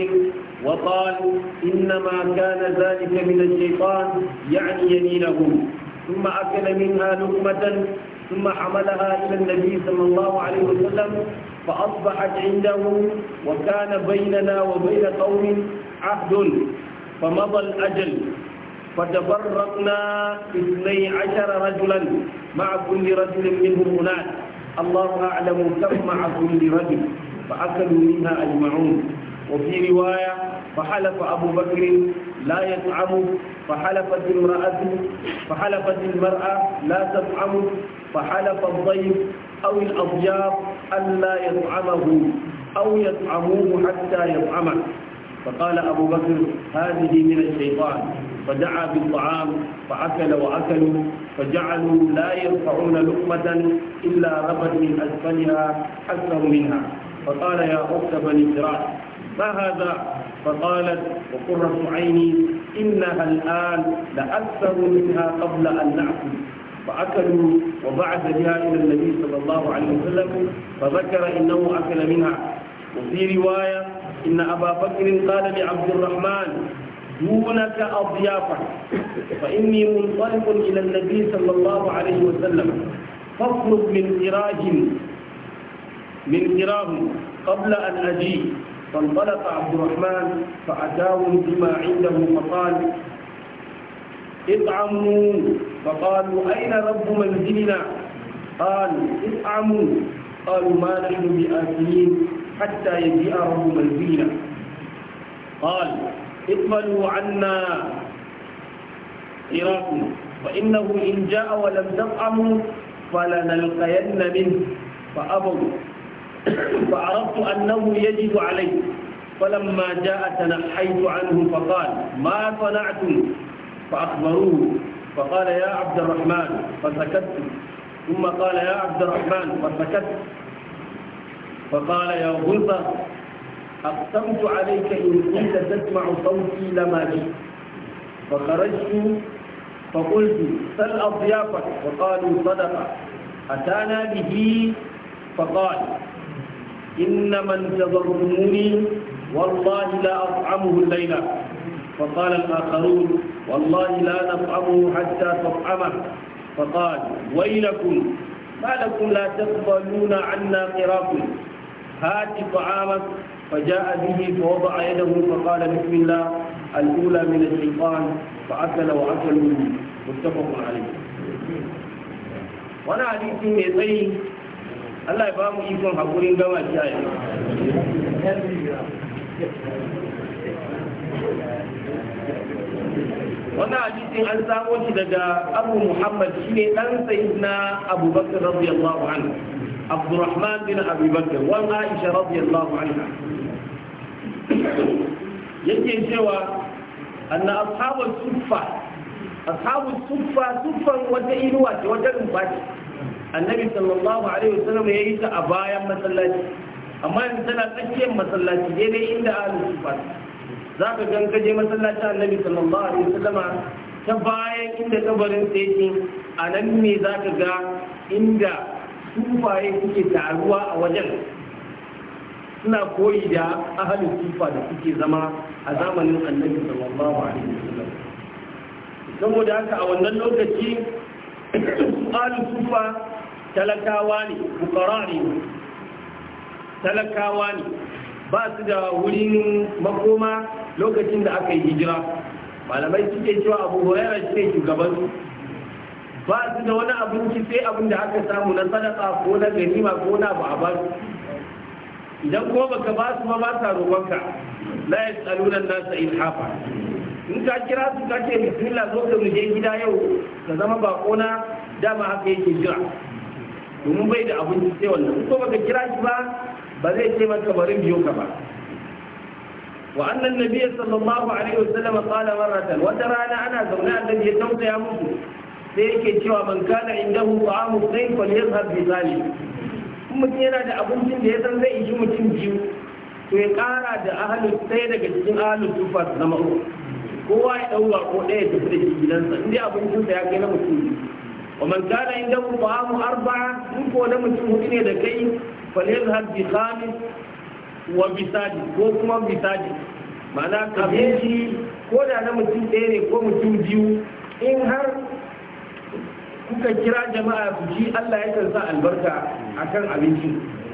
وقال إنما كان ذلك من الشيطان يعني يمينه ثم أكل منها لقمة ثم حملها إلى النبي صلى الله عليه وسلم فأصبحت عنده وكان بيننا وبين قوم عهد فمضى الأجل فتفرقنا اثني عشر رجلا مع كل رجل منهم هناك الله أعلم كم مع كل رجل فأكلوا منها أجمعون وفي رواية فحلف أبو بكر لا يطعم فحلفت المرأة فحلفت المرأة لا تطعم فحلف الضيف أو الأضياف ألا يطعمه أو يطعموه حتى يطعمه فقال أبو بكر هذه من الشيطان فدعا بالطعام فأكل وأكلوا فجعلوا لا يرفعون لقمة إلا ربت من أسفلها أكثر منها فقال يا أخت بني فراس ما هذا فقالت وقرة عيني إنها الآن لأكثر منها قبل أن نأكل فأكلوا وبعث بها إلى النبي صلى الله عليه وسلم فذكر إنه أكل منها وفي رواية إن أبا بكر قال لعبد الرحمن دونك أضيافا فإني منطلق إلى النبي صلى الله عليه وسلم فاطلب من إراج من كرام قبل أن أجي فانطلق عبد الرحمن فأتاهم بما عنده فقال اطعموا فقالوا أين رب منزلنا قال اطعموا قالوا ما نحن بآكلين حتى يجيء رب منزلنا قال اقبلوا عنا عراقنا فإنه إن جاء ولم تطعموا فلنلقين منه فأبوا فعرفت أنه يجب علي فلما جاء تنحيت عنه فقال ما صنعتم فأخبروه فقال يا عبد الرحمن فسكت ثم قال يا عبد الرحمن فسكت فقال يا غلطة أقسمت عليك إن كنت تسمع صوتي لما جئت فخرجت فقلت سل أضيافك فقالوا صدق أتانا به فقال إنما انتظرتموني والله لا أطعمه الليلة فقال الآخرون والله لا نطعمه حتى تطعمه فقال ويلكم ما لكم لا تقبلون عنا قراكم هات طعامك فجاء به فوضع يده فقال بسم الله الأولى من الشيطان فأكل وأكلوا متفق عليه وانا حديث من Allah ya ba mu ikon haƙurin gama shi a yau wannan hadisin an samo shi daga abu muhammad shi ne ɗan sayidina abubakar radiyallahu anhu abdurrahman bin abubakar wan aisha radiyallahu anha yake cewa anna ashabul suffa ashabul suffa suffan wata inuwa ce wata rumfa ce annabi sallallahu alaihi wasallam ya yi ta a bayan masallaci amma yanzu tana tsakiyar masallaci daidai inda ahlus sufa za ka gan kaje masallaci annabi sallallahu alaihi wasallam ta bayan inda kabarin sai a nan ne za ka ga inda sufaye suke taruwa a wajen suna koyi da ahalin sufa da suke zama a zamanin annabi sallallahu alaihi wasallam saboda haka a wannan lokaci ahalin sufa talakawa ne fukara ne talakawa ne ba su da wurin makoma lokacin da aka yi hijira malamai suke cewa abu horaira suke shugaban su ba su da wani abinci sai abin da aka samu na sadaka ko na ganima ko na ba a ba su idan ko baka ba su ma ba sa roƙonka la yasaluna nasa hafa in ka kira su ka ce bismillah zo ka mu je gida yau ka zama bako na dama haka yake jira domin bai da abinci sai wannan ko baka kira shi ba ba zai ce maka bari biyo ka ba wa annan nabi sallallahu alaihi wasallam qala marratan wata rana ana zaune annabi ya tausaya musu sai yake cewa man kana indahu ta'amu sayf wal yazhab bi kuma mutum yana da abincin da ya san zai ishi mutum biyu to ya kara da ahalus sai daga cikin ahalus sufa zama uku kowa ya ɗauka ko daya ya tafi da shi gidansa inda abincinsa ya kai na mutum ومن كان عنده طعام أربعة نكو لم تكون لكي فليذهب بخامس وبسادس وكما بسادس ma'ana abinci ko da na mutum ɗaya ne ko mutum biyu in har kuka kira jama'a su ci Allah ya sa albarka akan abinci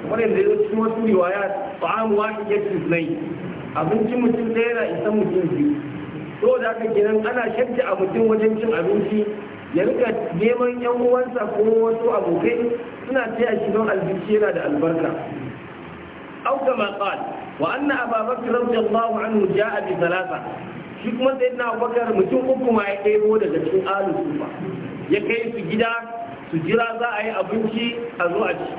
wannan da yau cikin abincin mutum ɗaya na isa mutum biyu So da haka kenan ana shakka a mutum wajen cin abinci ya rika neman yan uwansa ko wasu abokai suna taya shi don albishi yana da albarka au kama qal wa anna ababakar radiyallahu anhu jaa bi thalatha shi kuma sayyidina bakar mutum uku ma ya ɗebo daga cikin alu sufa ya kai su gida su jira za a yi abinci a zo a ci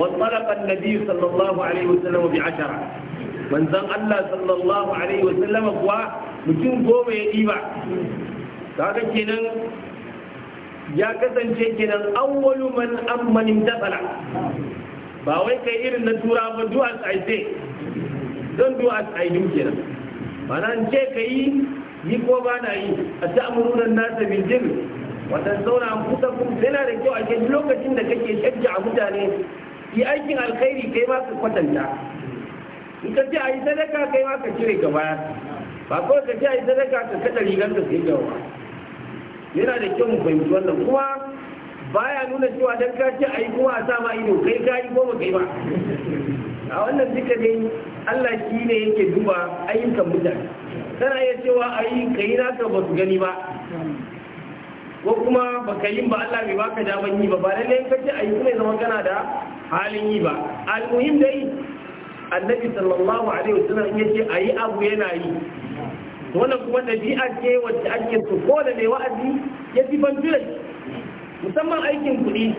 وانطلق sallallahu صلى الله عليه وسلم بعشرة من زن الله صلى الله عليه وسلم قوى متون قوم يجيبا kaga kenan ya kasance kenan awwalu man amman imtasala ba wai kai irin na tura ba du'a as i don du'a as yi do kenan Ba in ce ka yi yi ko ba na yi a na ta bil birr wata zauna an kusa kuma yana da kyau a ke lokacin da kake shajja a mutane yi aikin alkhairi kai ma ka kwatanta in ka ce a yi sadaka kai ma ka cire ka baya ba kawai ka ce a yi sadaka ka kada rigar ka sai gaba yana da kyau mu fahimci wannan kuma baya nuna cewa dan ka ce ai kuma a sama ido kai ka yi ko baka yi ba a wannan duka dai Allah shi ne yake duba ayyukan mutane tana iya cewa ai kai naka ba su gani ba ko kuma baka yi ba Allah bai baka daman yi ba ba lalle ka ce ai kuma zama kana da halin yi ba almuhim dai annabi sallallahu alaihi wasallam yace ayi abu yana yi wannan kuma ɗabi'a ce wacce ake su ko da mai wa'azi ya fi ban musamman aikin kuɗi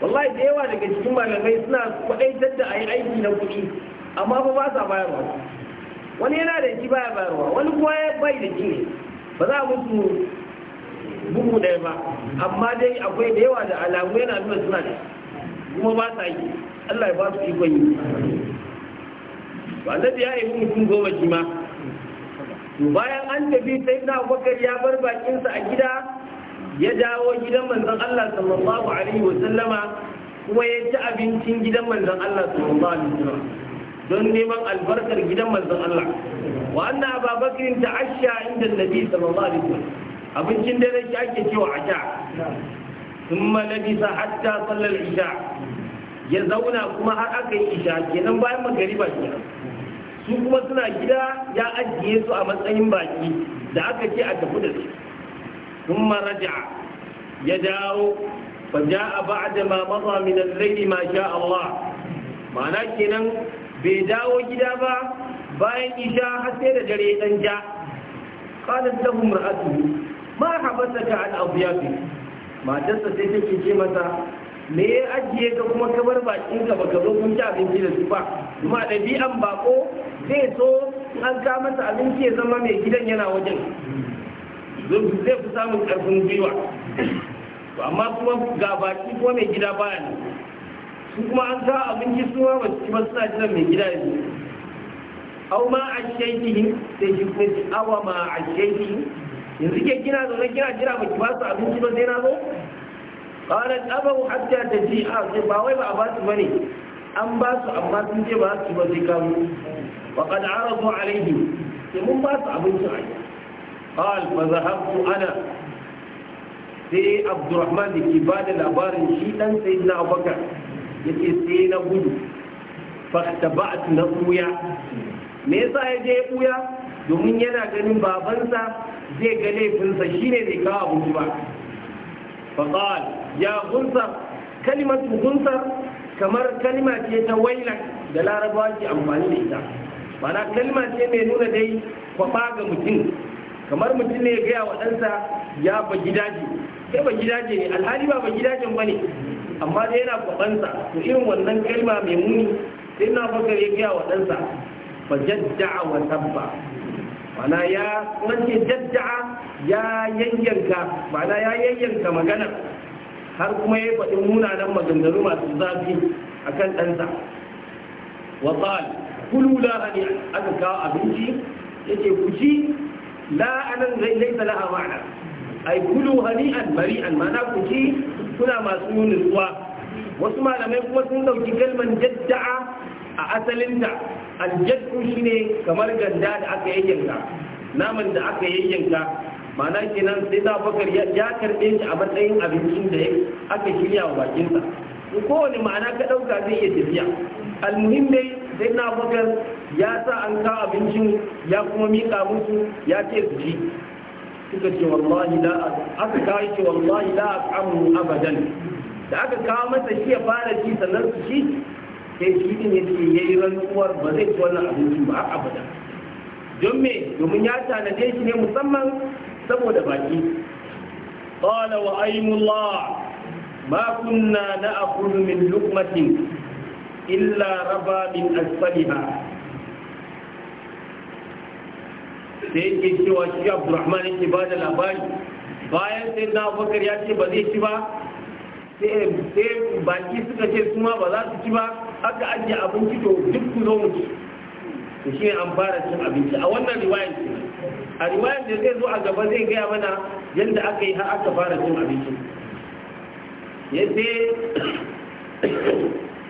wallahi da yawa daga cikin malamai suna kwaɗaitar da a yi aiki na kuɗi amma ba ba sa bayarwa wani yana da shi baya bayarwa wani kuma ya bai da shi ba za a mutu bugu ɗaya ba amma dai akwai da yawa da alamu yana nuna suna da kuma ba sa yi Allah ya ba su ikon yi ba na biya yi mutum goma shi ma bayan an tafi sai na bakar ya bar bakinsa a gida ya dawo gidan manzan Allah sallallahu alaihi wa sallama kuma ya ci abincin gidan manzan Allah sallallahu alaihi wa sallama don neman albarkar gidan manzan Allah wa anna ababakar ta asha inda nabi sallallahu alaihi wa sallam abincin da shi ake cewa asha thumma labisa hatta sallar isha ya zauna kuma har aka yi isha kenan bayan magariba kenan su kuma suna gida ya ajiye su a matsayin baki da aka ce a tafi da su sun maraja ya dawo ba fa a ba a marra min al-layl ma sha Allah ma'ana kenan bai dawo gida ba bayan isha har sai da dare dan ja qalat lahum ma habataka an abyati matarsa sai take ce masa me ya ajiye ka kuma ka bar bakin ka baka zo kun ci abinci da su ba kuma ɗabi'an bako zai so an ka masa abinci ya zama mai gidan yana wajen zai fi samun ƙarfin gwiwa amma kuma ga baki kuma mai gida baya ne su kuma an ka abinci su ma ba su ci ba jiran mai gida ne zo au ma a shaiki sai shi kuma ci awa ma a shaiki yanzu ke gina zaune kina jira ba ki ba su abinci ba zai na zo qalat a hatta taji'a sai ba wai ba a ba su bane an ba su amma sun ce ba su ba sai kamu wa qad aradu alayhi sai mun ba su abincin ai qal fa zahabtu ana sai abdurrahman da ke ba da labarin shi dan sayyidina abubakar yake sai na gudu faktaba'at na buya. me yasa ya je ya domin yana ganin babansa zai ga laifinsa shine zai kawo abinci ba فقال يا غنصر كلمة غنصر kamar kalma ce ta wailan da larabawa ke amfani da ita mana kalma ce mai nuna dai kwafa ga mutum kamar mutum ne ya gaya wa ɗansa ya ba gidaje sai ba gidaje ne alhali ba ba gidajen ba ne amma dai yana kwafansa to irin wannan kalma mai muni sai na bakar ya gaya wa ɗansa ba jadda'a wa tabba mana ya ce jadda'a ya yayyanka ma'ana ya yayyanka magana har kuma ya faɗi munanan maganganu masu zafi a kan ɗansa ƙal kulu la'ani aka kawo abinci ya ce ku ci la'anan zai laisa laha ma'ana ai kulu hani'an bari'an ma'ana ku ci kuna masu nutsuwa wasu malamai kuma sun ɗauki kalman jadda'a a asalinta shi shine kamar ganda da aka yayyanka naman da aka yayyanka mana kenan sai na bakar ya karɓe shi a matsayin abincin da aka shirya wa bakinsa kowane ma'ana ka ɗauka zai iya tafiya almuhim dai sai na bakar ya sa an kawo abincin ya kuma miƙa musu ya ce su ji suka ce wallahi da aka kawo ce wallahi a kamun abadan da aka kawo masa shi ya fara ci sannan su ci sai shi din ya yi rantsuwar ba zai ci wannan abincin ba a abadan, don me domin ya tanade shi ne musamman saboda baki qala wa aymullah ma kunna na'kulu min luqmatin illa raba min asfaliha sai ke cewa shi abdurrahman yake ba da labari bayan sai na bakar ya ce ba zai ci ba sai baki suka ce kuma ba za su ci ba aka ajiye abinci to duk ku zo mu ci to shi an fara cin abinci a wannan riwayar ce a rimayar da zai zo a gaba zai gaya mana yadda aka yi har aka fara cin abinci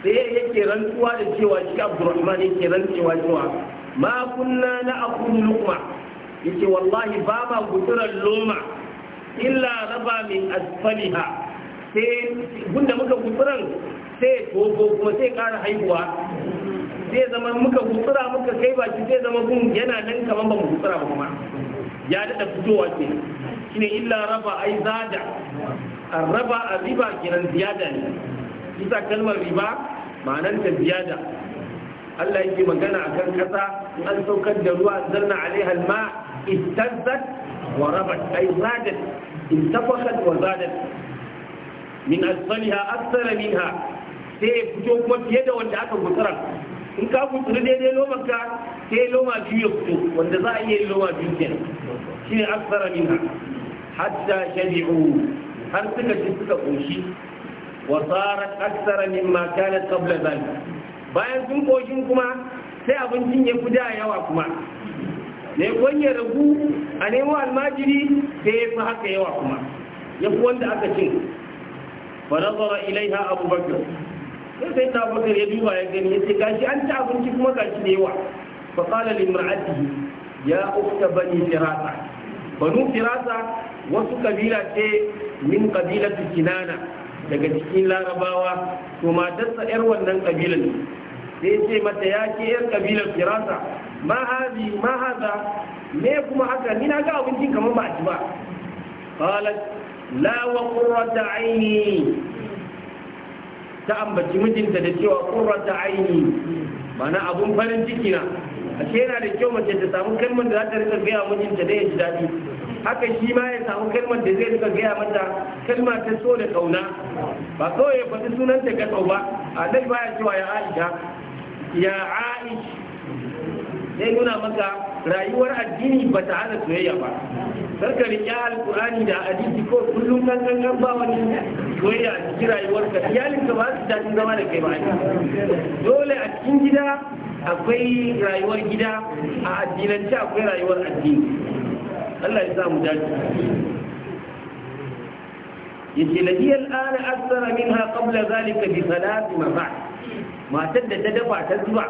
sai yake rantsuwa da cewa shi abdurrahman ke rantuwa cewa ma kunna na akulu lukma ce wallahi ba ma guturar loma illa raba min asfaliha sai gunda muka guturan sai togo kuma sai kara haihuwa zai zama muka gutsura muka kai baki zai zama gun yana nan kamar ba mu gutsura ba kuma ya daɗa fitowa ke ne illa raba ai zada raba a riba kenan ziyada ne isa kalmar riba ma'ananta ziyada Allah yake magana akan kasa in an saukar da ruwa zarna alaiha alma ittazzat wa rabat ai zadat intafakhat wa zadat min asfaliha akthara minha sai fito kuma fiye da wanda aka gutsura in ka kunturu daidai loma ka sai loma biyu ya fito wanda za a iya yin loma biyu kenan shi ne aksara minha hatta shabi'u har suka ci suka koshi wa tsarar aksara ma kana qabla zalika bayan sun koshin kuma sai abincin ya fi da yawa kuma ne ya ragu a nemo almajiri sai ya fi haka yawa kuma ya fi wanda aka cin fa nazara ilaiha abubakar sai sai na bakar ya duba ya gani ya ce gashi an ci abinci kuma gashi da yawa fa qala li imra'atihi ya ukta bani firasa banu firasa wasu kabila ce min qabilatu kinana daga cikin larabawa to matarsa yar wannan kabilan sai ce mata ya ke yar kabilar firasa ma hazi ma haza me kuma haka ni na ga abincin kamar ba ci ba qalat la wa qurrata aini ta ambaci mijinta da cewa ta aini mana abun farin ciki na ce yana da kyau mace ta samu kalmar da za ta rika gaya mijinta da ya ji daɗi haka shi ma ya samu kalmar da zai rika gaya mata kalma ta so da kauna ba kawai ya faɗi sunanta gatsau ba a nan baya cewa ya aisha ya aisha sai nuna maka rayuwar addini ba ta hana soyayya ba sarka riƙe alƙur'ani da hadisi ko kullum kan kankan ba wani soyayya a cikin iyalin ka ba su dace zama da kai ba dole a cikin gida akwai rayuwar gida a addinance akwai rayuwar addini Allah ya sa mu dace yace la hiya al'ana akthara minha qabla zalika bi thalath mafa matar da ta dafa ta zuba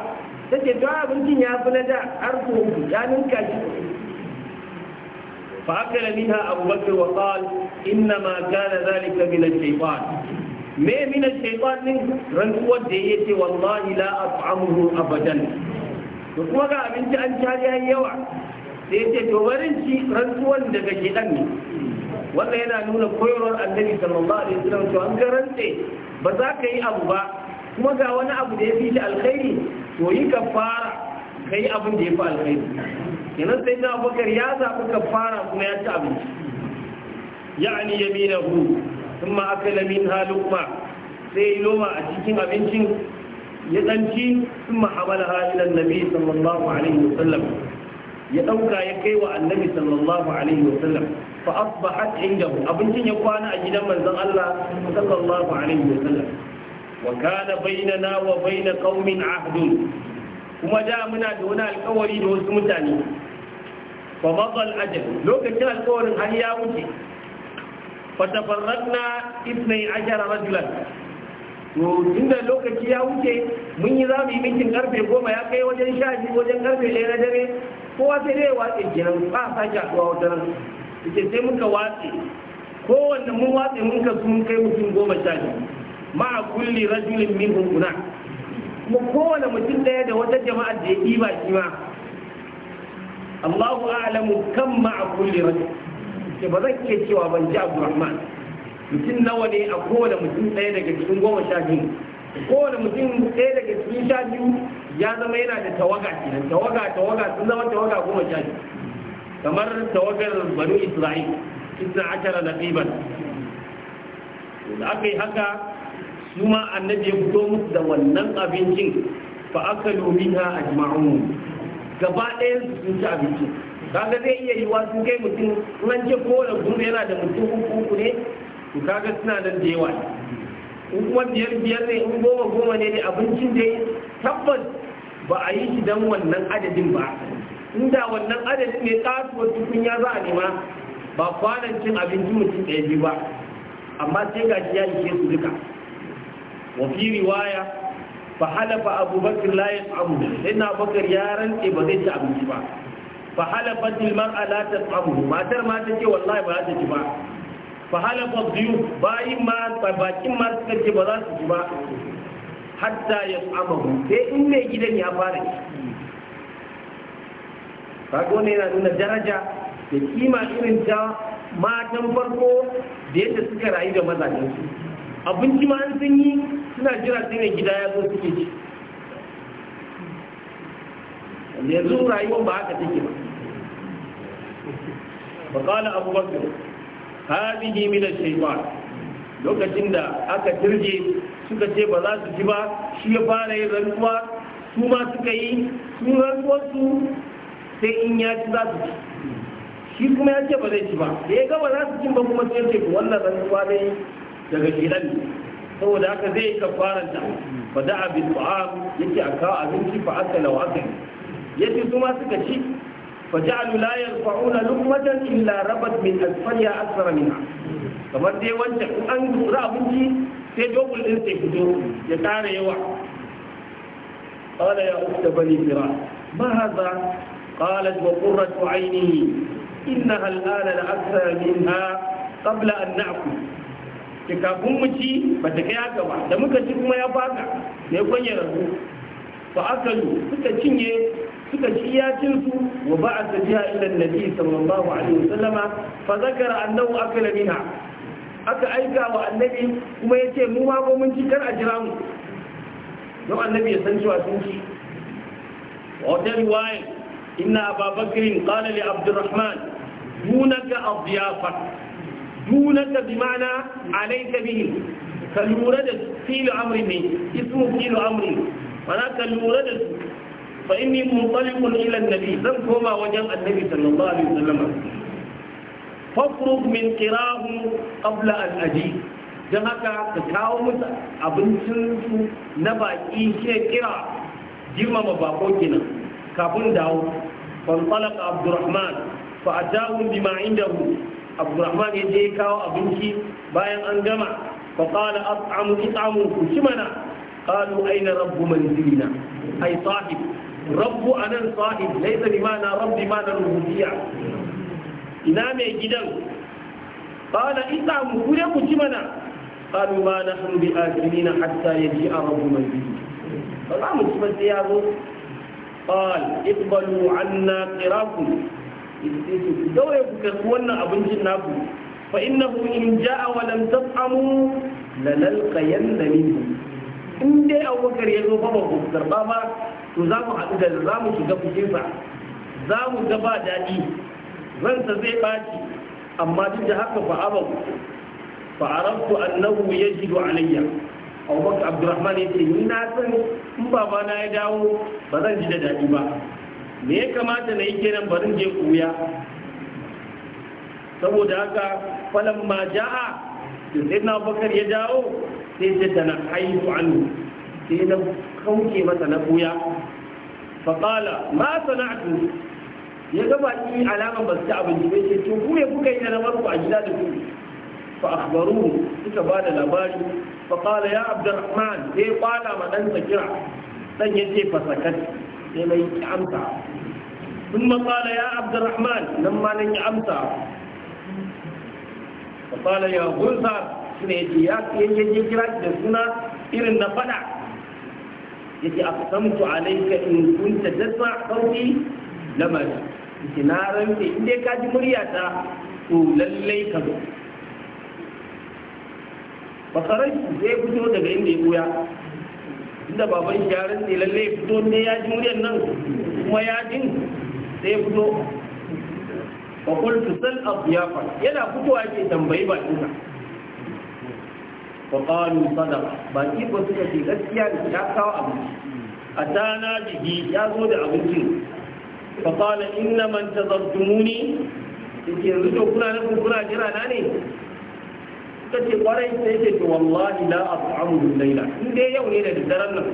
ta ce abincin ya fi na da har kuhu ya ninka shi fa haka da niha abu bakar wa kawal inna ma gane zalika mina shaifan me mina shaifan ne rantuwar da ya ce wallahi la a tsamuru to kuma ga abinci an ci yayi yawa da ya ce to barin daga shaidan ne yana nuna koyarwar annabi sallallahu alaihi wasallam to an garante ba za ka yi abu ba kuma ga wani abu da ya fi shi alkhairi to yi kafara kai abin da ya fi alkhairi kenan sai na bakar ya zaɓi kafara kuma ya ci abinci ya'ani yaminahu thumma akala minha luqma sai yi loma a cikin abincin ya danci thumma hamalaha ila Nabi sallallahu alaihi wasallam ya ɗauka ya kai wa annabi sallallahu alaihi wasallam fa asbahat indahu abincin ya kwana a gidan manzon Allah sallallahu alaihi wasallam wa kana bainana wa baina qaumin ahdun kuma da muna da wani alkawari da wasu mutane fa madal ajal lokacin alkawarin har ya wuce fa tafarradna ithnai a rajulan to inda lokaci ya wuce mun yi za mu yi karfe goma ya kai wajen sha wajen karfe ɗaya na dare ko wace ne watse kenan ba a sake haɗuwa wata ran ita sai muka wace. kowanne mun watse mun ka mun kai mutum goma sha biyu a kulli rajulin min hukuna kuma kowane mutum ɗaya da wata jama'a da ya ɗiba shi ma Allahu a'lamu kan a kulli rajul ke ba zan iya cewa ban ji Abdurrahman mutum nawa ne a kowane mutum ɗaya daga cikin goma sha biyu kowane mutum ɗaya daga cikin sha biyu ya zama yana da tawaga kenan tawaga tawaga sun zama tawaga goma sha biyu kamar tawagar Bani Isra'il 19 naqiban da aka yi haka kuma annabi ya fito musu da wannan abincin fa aka minha ajma'un gaba ɗaya sun ci abincin kaga zai iya wa sun kai mutum nan ce da gudu yana da mutum uku uku ne to kaga suna nan da yawa in kuma biyar biyar ne in goma goma ne abincin da tabbas ba a yi shi don wannan adadin ba inda wannan adadin ne kasuwar tukunya za a nema ba kwanan cin abincin mutum ɗaya biyu ba amma sai ga shi ya ishe su duka wafi riwaya fa halafa abubakar la yas'amu sayyidina abubakar ya rantse ba zai ci abinci ba fa halafat almar'a la tas'amu matar ma ta ce wallahi ba za ta ci ba fa halafa diyu bayin ma bakin ma suka ce ba za su ci ba hatta yas'amu sai in mai gidan ya fara ci kaga wannan yana nuna daraja da kima irin ta matan farko da yadda suka rayu da mazajensu abinci ma an sun yi suna jira sai mai gida ya zo suke ci yanzu rayuwar ba haka take ba ba kala abubakar hadihi min shaytan lokacin da aka jirje suka ce ba za su ci ba shi ya fara yin rantsuwa su ma suka yi su rantsuwarsu sai in ya ci za su ci shi kuma ya ce ba zai ci ba da ya gaba za su cin ba kuma sai ce wannan rantsuwa ne daga gidan saboda haka zai kafaran ta fa da'a bi du'am yake aka abinci fa akala wa akala yace su ma suka ci fa ja'alu la yarfa'una luqmatan illa rabat min asfaliha asfara minha kamar dai wancan in an dura abinci sai dogul din sai fito ya tara yawa qala ya ukhta bani fira ma hadha qalat wa qurratu ayni innaha al'ana la akthara minha qabla an na'kul ki kafin mu ci ba ta kai haka ba da muka ci kuma ya faka ne kwanye rabu fa akalu suka cinye suka ci iyacin su wa ba a tafiya ila nabi sallallahu alaihi wasallama fa zakara annahu akala minha aka aika wa annabi kuma yace mu ma mun ci kar a jira mu don annabi ya san cewa sun ci wa ta riwaya inna ababakrin qala li abdurrahman munaka adiyafa nunanta bi ma'ana alaysa da filu amri ne ismu filu amri mana ka da su fa inni zan koma wajen annabi da alaihi wasallam fakrub min qirahu qabla an aji dan haka ka kawo musu abincin na baƙi ke kira girmama bako kenan kafin dawo fa talaqa abdurrahman fa ataahu bima indahu abdurrahman ya je kawo abinci bayan an gama fa qala at'amu it'amu ku ci mana qalu aina rabbu manzilina ay sahib rabbu anan sahib laysa bimana rabbi ma nan rubiya ina mai gidan qala it'amu ku ku ci mana قالوا ما نحن بآكلين حتى mu ci منزلنا فالعام تبدي يا قال اقبلوا عنا قراكم sai ku ku karɓi wannan abincin naku fa innahu in ja'a wa lam tat'amu la nalqayanna minhu in dai abubakar ya zo fa ba ku karɓa ba to za mu haɗu da za mu shiga fushinsa za mu ga ba daɗi ransa zai ɓaci amma duk da haka fa abau fa arabtu annahu yajidu alayya abubakar abdurrahman ya ce ni na san in babana ya dawo ba zan ji da daɗi ba me ya kamata na yi kenan barin je kuya saboda haka falon ma ja'a sai na bakar ya dawo sai ce ta na haihu an sai na kauke masa na kuya faƙala ma sana'atu ya gaba yi alama ba su ci abinci bai ce to kuya kuka yi na marku a gida da ku fa akhbaruhu suka ba da labari faƙala ya abdurrahman sai kwana ma ɗansa kira ɗan ya ce fasakat sai na yi sun matsala ya abdurrahman nan ma nan yi amsa matsala ya gunsa su ne ya yake kira da suna irin na fada a aqsamtu alayka in kunta dasa sauti lamar, yake na rantse in dai ka ji muryata to lallai ka zo ba sai fito daga inda ya buya inda baban sharin ne lalle ya fito ne ya ji muryar nan kuma ya jin sai ya fito wa kultu ya abiyafa yana fitowa ke tambayi ba kinsa sada, ba sadaqa ba su suka ce gaskiya da ya kawo abinci na bihi ya zo da abincin Ba qala inna man zartumuni ke yanzu to kuna nufin kuna jira na ne suka ce kwarai sai ce to wallahi la at'amu laila in dai yau ne da daren nan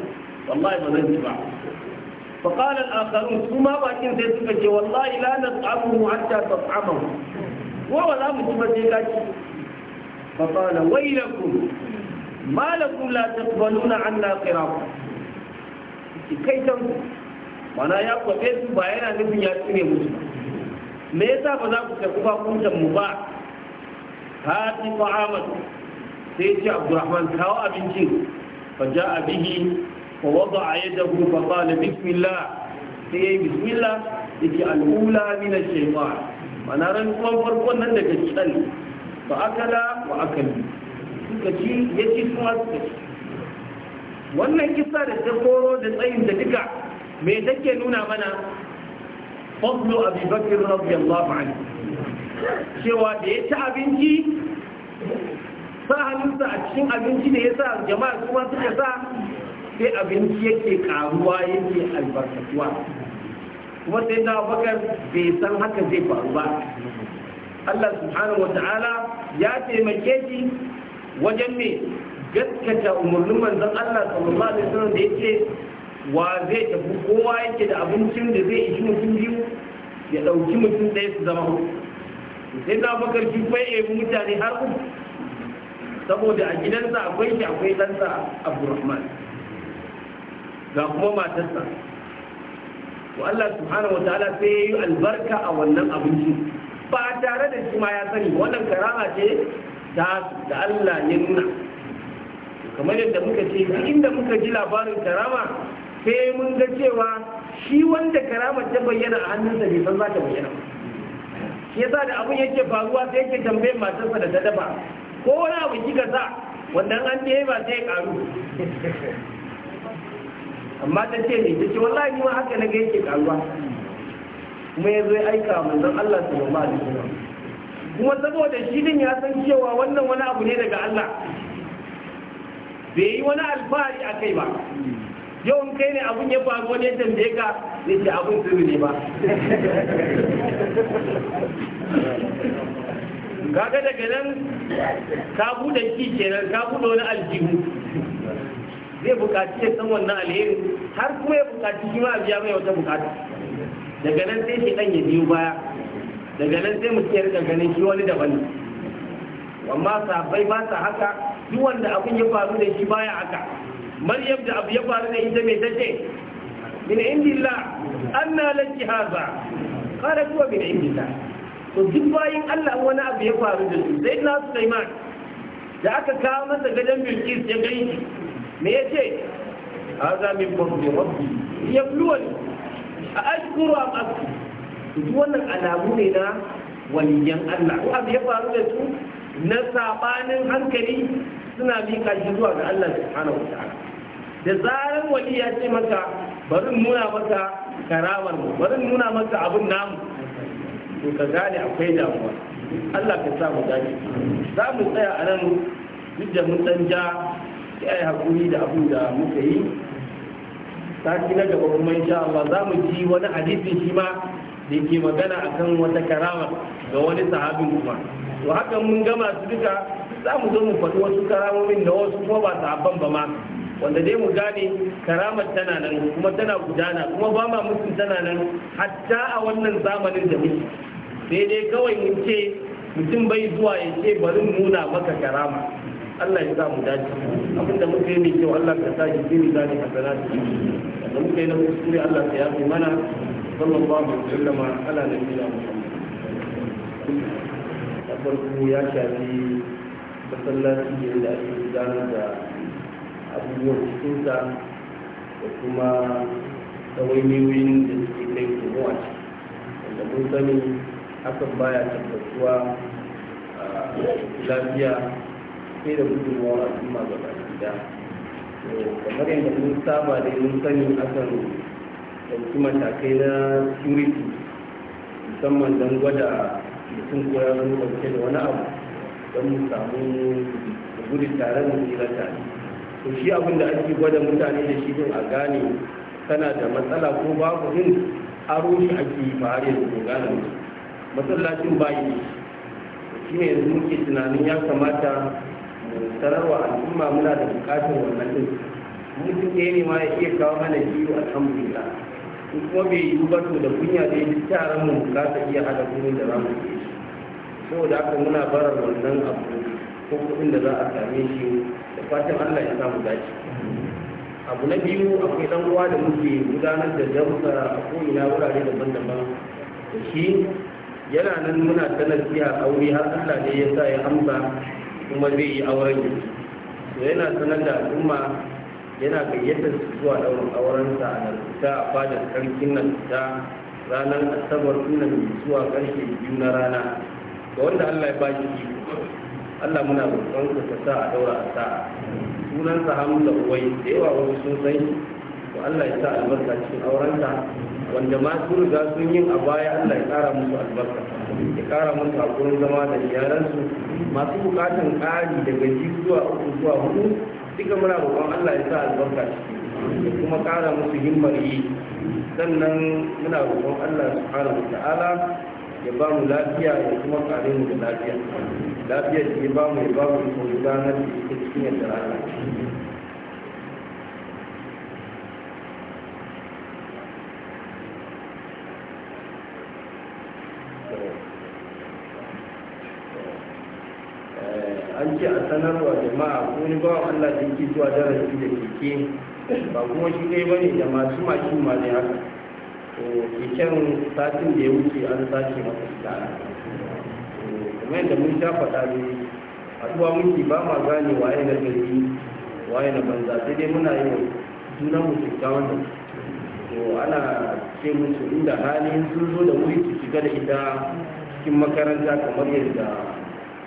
wallahi ba zan ci ba fa qala al-akharun kuma bakin sai suka ce wallahi la nat'amu hatta tat'amu wa wala mu ci ba sai ka ci fa qala waylakum ma lakum la taqbaluna anna qirab kai tan mana ya kwabe su ba yana nufin ya tsire musu me yasa ba za ku tafi ba kun mu ba hati ta'amat sai ce abdurrahman kawo abincin fa ja'a bihi fa wada'a yadahu fa qala bismillah sai yayi bismillah yake al'ula min ash-shaytan mana ran kuma farkon nan daga shaytan fa akala wa akali suka ci yace kuma suka ci wannan kisa da ta koro da tsayin da duka me take nuna mana fadlu abubakar radiyallahu anhu cewa da ya ci abinci sa hannunsa a cikin abinci da ya sa jama'a kuma suka sa sai abinci yake karuwa yake albarkatuwa kuma sai na bakar bai san haka zai faru ba Allah subhanahu wata'ala ya taimake shi wajen ne gaskata umarnin manzon Allah sallallahu alaihi wasallam da yake wa zai tafi kowa yake da abincin da zai ishi mutum biyu ya ɗauki mutum ɗaya su zama sai na bakar shi bai mutane har uku saboda a gidansa akwai shi akwai ɗansa abdurrahman ga kuma matarsa wa Allah subhanahu wataala sai ya yi albarka a wannan abincin ba tare da shi ma ya sani wannan karama ce ta da Allah ya nuna kamar yadda muka ce inda muka ji labarin karama sai mun ga cewa shi wanda karamar ta bayyana a hannunsa bai san za ta bayyana ba shi yasa da abin yake faruwa sai yake tambayin matarsa da ta dafa ko wani abu kika sa wannan an ɗaya ba sai karu amma ta ce ne ta ce wallahi ni ma haka na ga yake karuwa kuma ya zo ya aika manzon Allah sallallahu da wasallam kuma saboda shi din ya san cewa wannan wani abu ne daga Allah bai yi wani alfahari a kai ba yau kai ne abun ya faru wani yadda da ka ne ce abun sirri ne ba kaga daga nan ka bude ki kenan ka bude wani aljihu zai bukaci ya san wannan alherin har kuma ya bukaci shi ma biya mai wata bukata daga nan sai shi ya biyo baya daga nan sai mu ya daga ganin shi wani daban amma sabai ba sa haka duk wanda abin ya faru da shi baya haka maryam da abu ya faru da ita mai tace min indillah anna laki hadha qala huwa min indillah to duk bayin Allah wani abu ya faru da su sai na Sulaiman da aka kawo masa gadon Bilkis ya gani me yace hadha min fadli rabbi yabluwani a ashkuru am akfur duk wannan alamu ne na waliyan Allah ko abu ya faru da su na sabanin hankali suna mika shi zuwa ga Allah subhanahu wa ta'ala da zarar wani ya ce maka bari nuna maka karawar mu bari nuna maka abin namu to ka gane akwai damuwa Allah ka sa mu dace za mu tsaya a nan duk da mun dan ja ya hakuri da abu da muka yi sati na gaba kuma insha Allah za mu ji wani hadisin shi ma da yake magana akan wata karama ga wani sahabin kuma to haka mun gama su duka za mu zo mu faɗi wasu karamomin da wasu kuma ba sahabban ba ma wanda dai mu gane karamar tana nan kuma tana gudana kuma ba ma mutum tana nan hatta a wannan zamanin da muke sai dai kawai mun ce mutum bai zuwa ya ce bari nuna maka karama Allah ya sa mu dace abinda muka yi mai kyau Allah ka sa shi jini zani a sanatu da muka yi na kuskure Allah ya yafi mana sallallahu alaihi wasallam ala nabiyina Muhammad farko ya shafi masallaci da ake gudanar da abubuwan cikinsa da kuma tsawainiyoyin da suke kai komo a ciki wanda mun sani hakan baya tabbatuwa a lafiya sai da gudunmawar al'umma gaba gida to kamar yadda mun saba da mun sani akan ɗauki matakai na security musamman don gwada mutum ko ya zo ɗauke da wani abu don mu samu gudu tare mu tsira tare to shi abin da ake gwada mutane da shi din a gane tana da matsala ko babu din aro shi ake yi ba har yanzu gane masallacin bayi shi ne yanzu muke tunanin ya kamata mu sararwa al'umma muna da bukatar wannan din mutum ɗaya ne ma ya iya kawo mana biyu alhamdulillah in kuma bai yi ba to da kunya da yi taron mu ta iya hada kunin da za mu saboda haka muna barar wannan abu ko kuɗin da za a same shi fatan Allah ya samu dace abu na biyu akwai dan uwa da muke gudanar da jamsa a ko'ina wurare daban-daban da shi yana nan muna ta a aure har Allah ne ya sa ya amsa kuma zai yi auren yanzu to yana sanar da al'umma yana gayyatar su zuwa daurin aurensa a narkuta a fadar sarkin narkuta ranar asabar tunan zuwa karshe biyu na rana ga wanda Allah ya ba shi Allah muna roƙon ku ka sa a daura a sa'a sunan sa Hamza Uwai da yawa wani sosai san to Allah ya sa albarka cikin aurenta wanda ma su riga sun yin a baya Allah ya ƙara musu albarka ya ƙara musu hakurin zama da iyalansu masu buƙatan ƙari daga ji zuwa uku zuwa hudu duka muna roƙon Allah ya sa albarka ciki ya kuma ƙara musu himmar yi sannan muna roƙon Allah subhanahu wa ta'ala ya ba mu lafiya ya kuma kare mu da lafiya lafiya da ya ba mu ya ba mu ko gudanar da ita cikin yadda rana eh, an ce a sanarwa jama'a ko ni ba Allah da ke zuwa darasi da keke ba kuma shi ne bane da masu mashi ma ne haka keken eh, satin da ya wuce an sace masa ita eh, kuma yadda mun sha faɗa ne haɗuwa muke ba ma gane waye na gari waye na banza sai dai muna yi junan mu kyakkyawan da to ana ce musu inda halin sun zo da wuri su shiga da ita cikin makaranta kamar yadda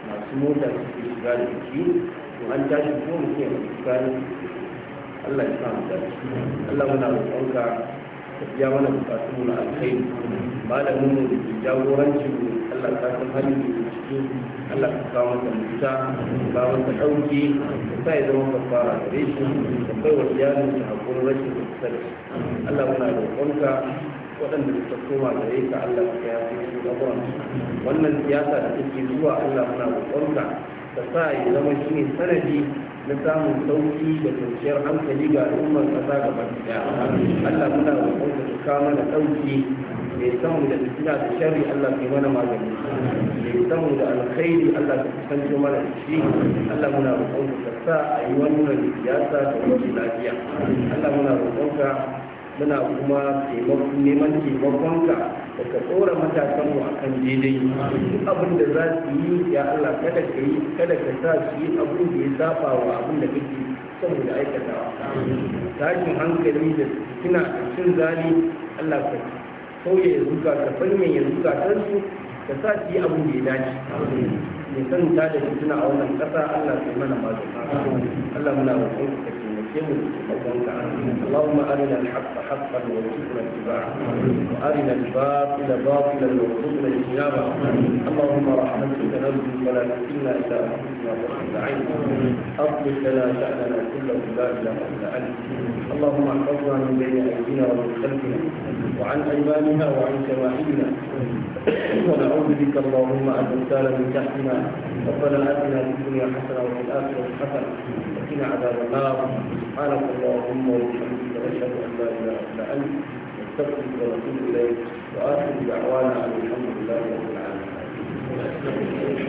masu mota suke shiga da jiki to an tashi ko mutum ya shiga da Allah ya sa mu Allah muna roƙonka ya mana bukatu na alkhairi malamin mu da ke jagoranci mu Allah ka san hali da ciki Allah ka kawo masa mutunta ba masa dauki ka ya zama kafara da shi ka kai wa iyalin shi hakuri rashin tsare Allah muna roƙonka waɗanda suka koma gare ka Allah ka yafe su gaban wannan siyasa da take zuwa Allah muna roƙonka ka sa ya zama shi ne sanadi na samun sauki da kwanciyar hankali ga al'ummar ƙasa ga baki Allah muna roƙon ka ka sauki mai samu da fitina da sharri Allah mana magani mai samu da alkhairi Allah ka kusanto mana da shi Allah muna roƙon ka sa a yi wannan siyasa da wuce lafiya Allah muna roƙon ka muna kuma neman taimakonka da ka tsora matakan mu akan daidai duk abin da za su yi ya Allah kada ka yi kada ka sa su yi abin da ya saba wa abin da kake saboda aikatawa tashin hankali da kina cin zali Allah ka sauya ya zuka ka fanyen ya zuka su ka sa su yi abin da ya dace mai san ta da fitina a wannan ƙasa Allah yi mana magana Allah muna roƙon ka اللهم أرنا الحق حقا وارزقنا اتباعه وأرنا الباطل باطلا وارزقنا اجتنابه اللهم رحمتك نرجو ولا تكلنا إلى أنفسنا طرفة عين أصلح لنا شأننا كله لا إله إلا أنت اللهم احفظنا من بين أيدينا ومن خلفنا وعن أيماننا وعن شمائلنا ونعوذ بك اللهم أن تسال من تحتنا ربنا آتنا في الدنيا حسنة وفي الآخرة حسنة وقنا عذاب النار سبحانك اللهم وبحمدك واشهد أن لا إله إلا أنت نستغفرك ونتوب إليك وآخر دعوانا أن الحمد لله رب العالمين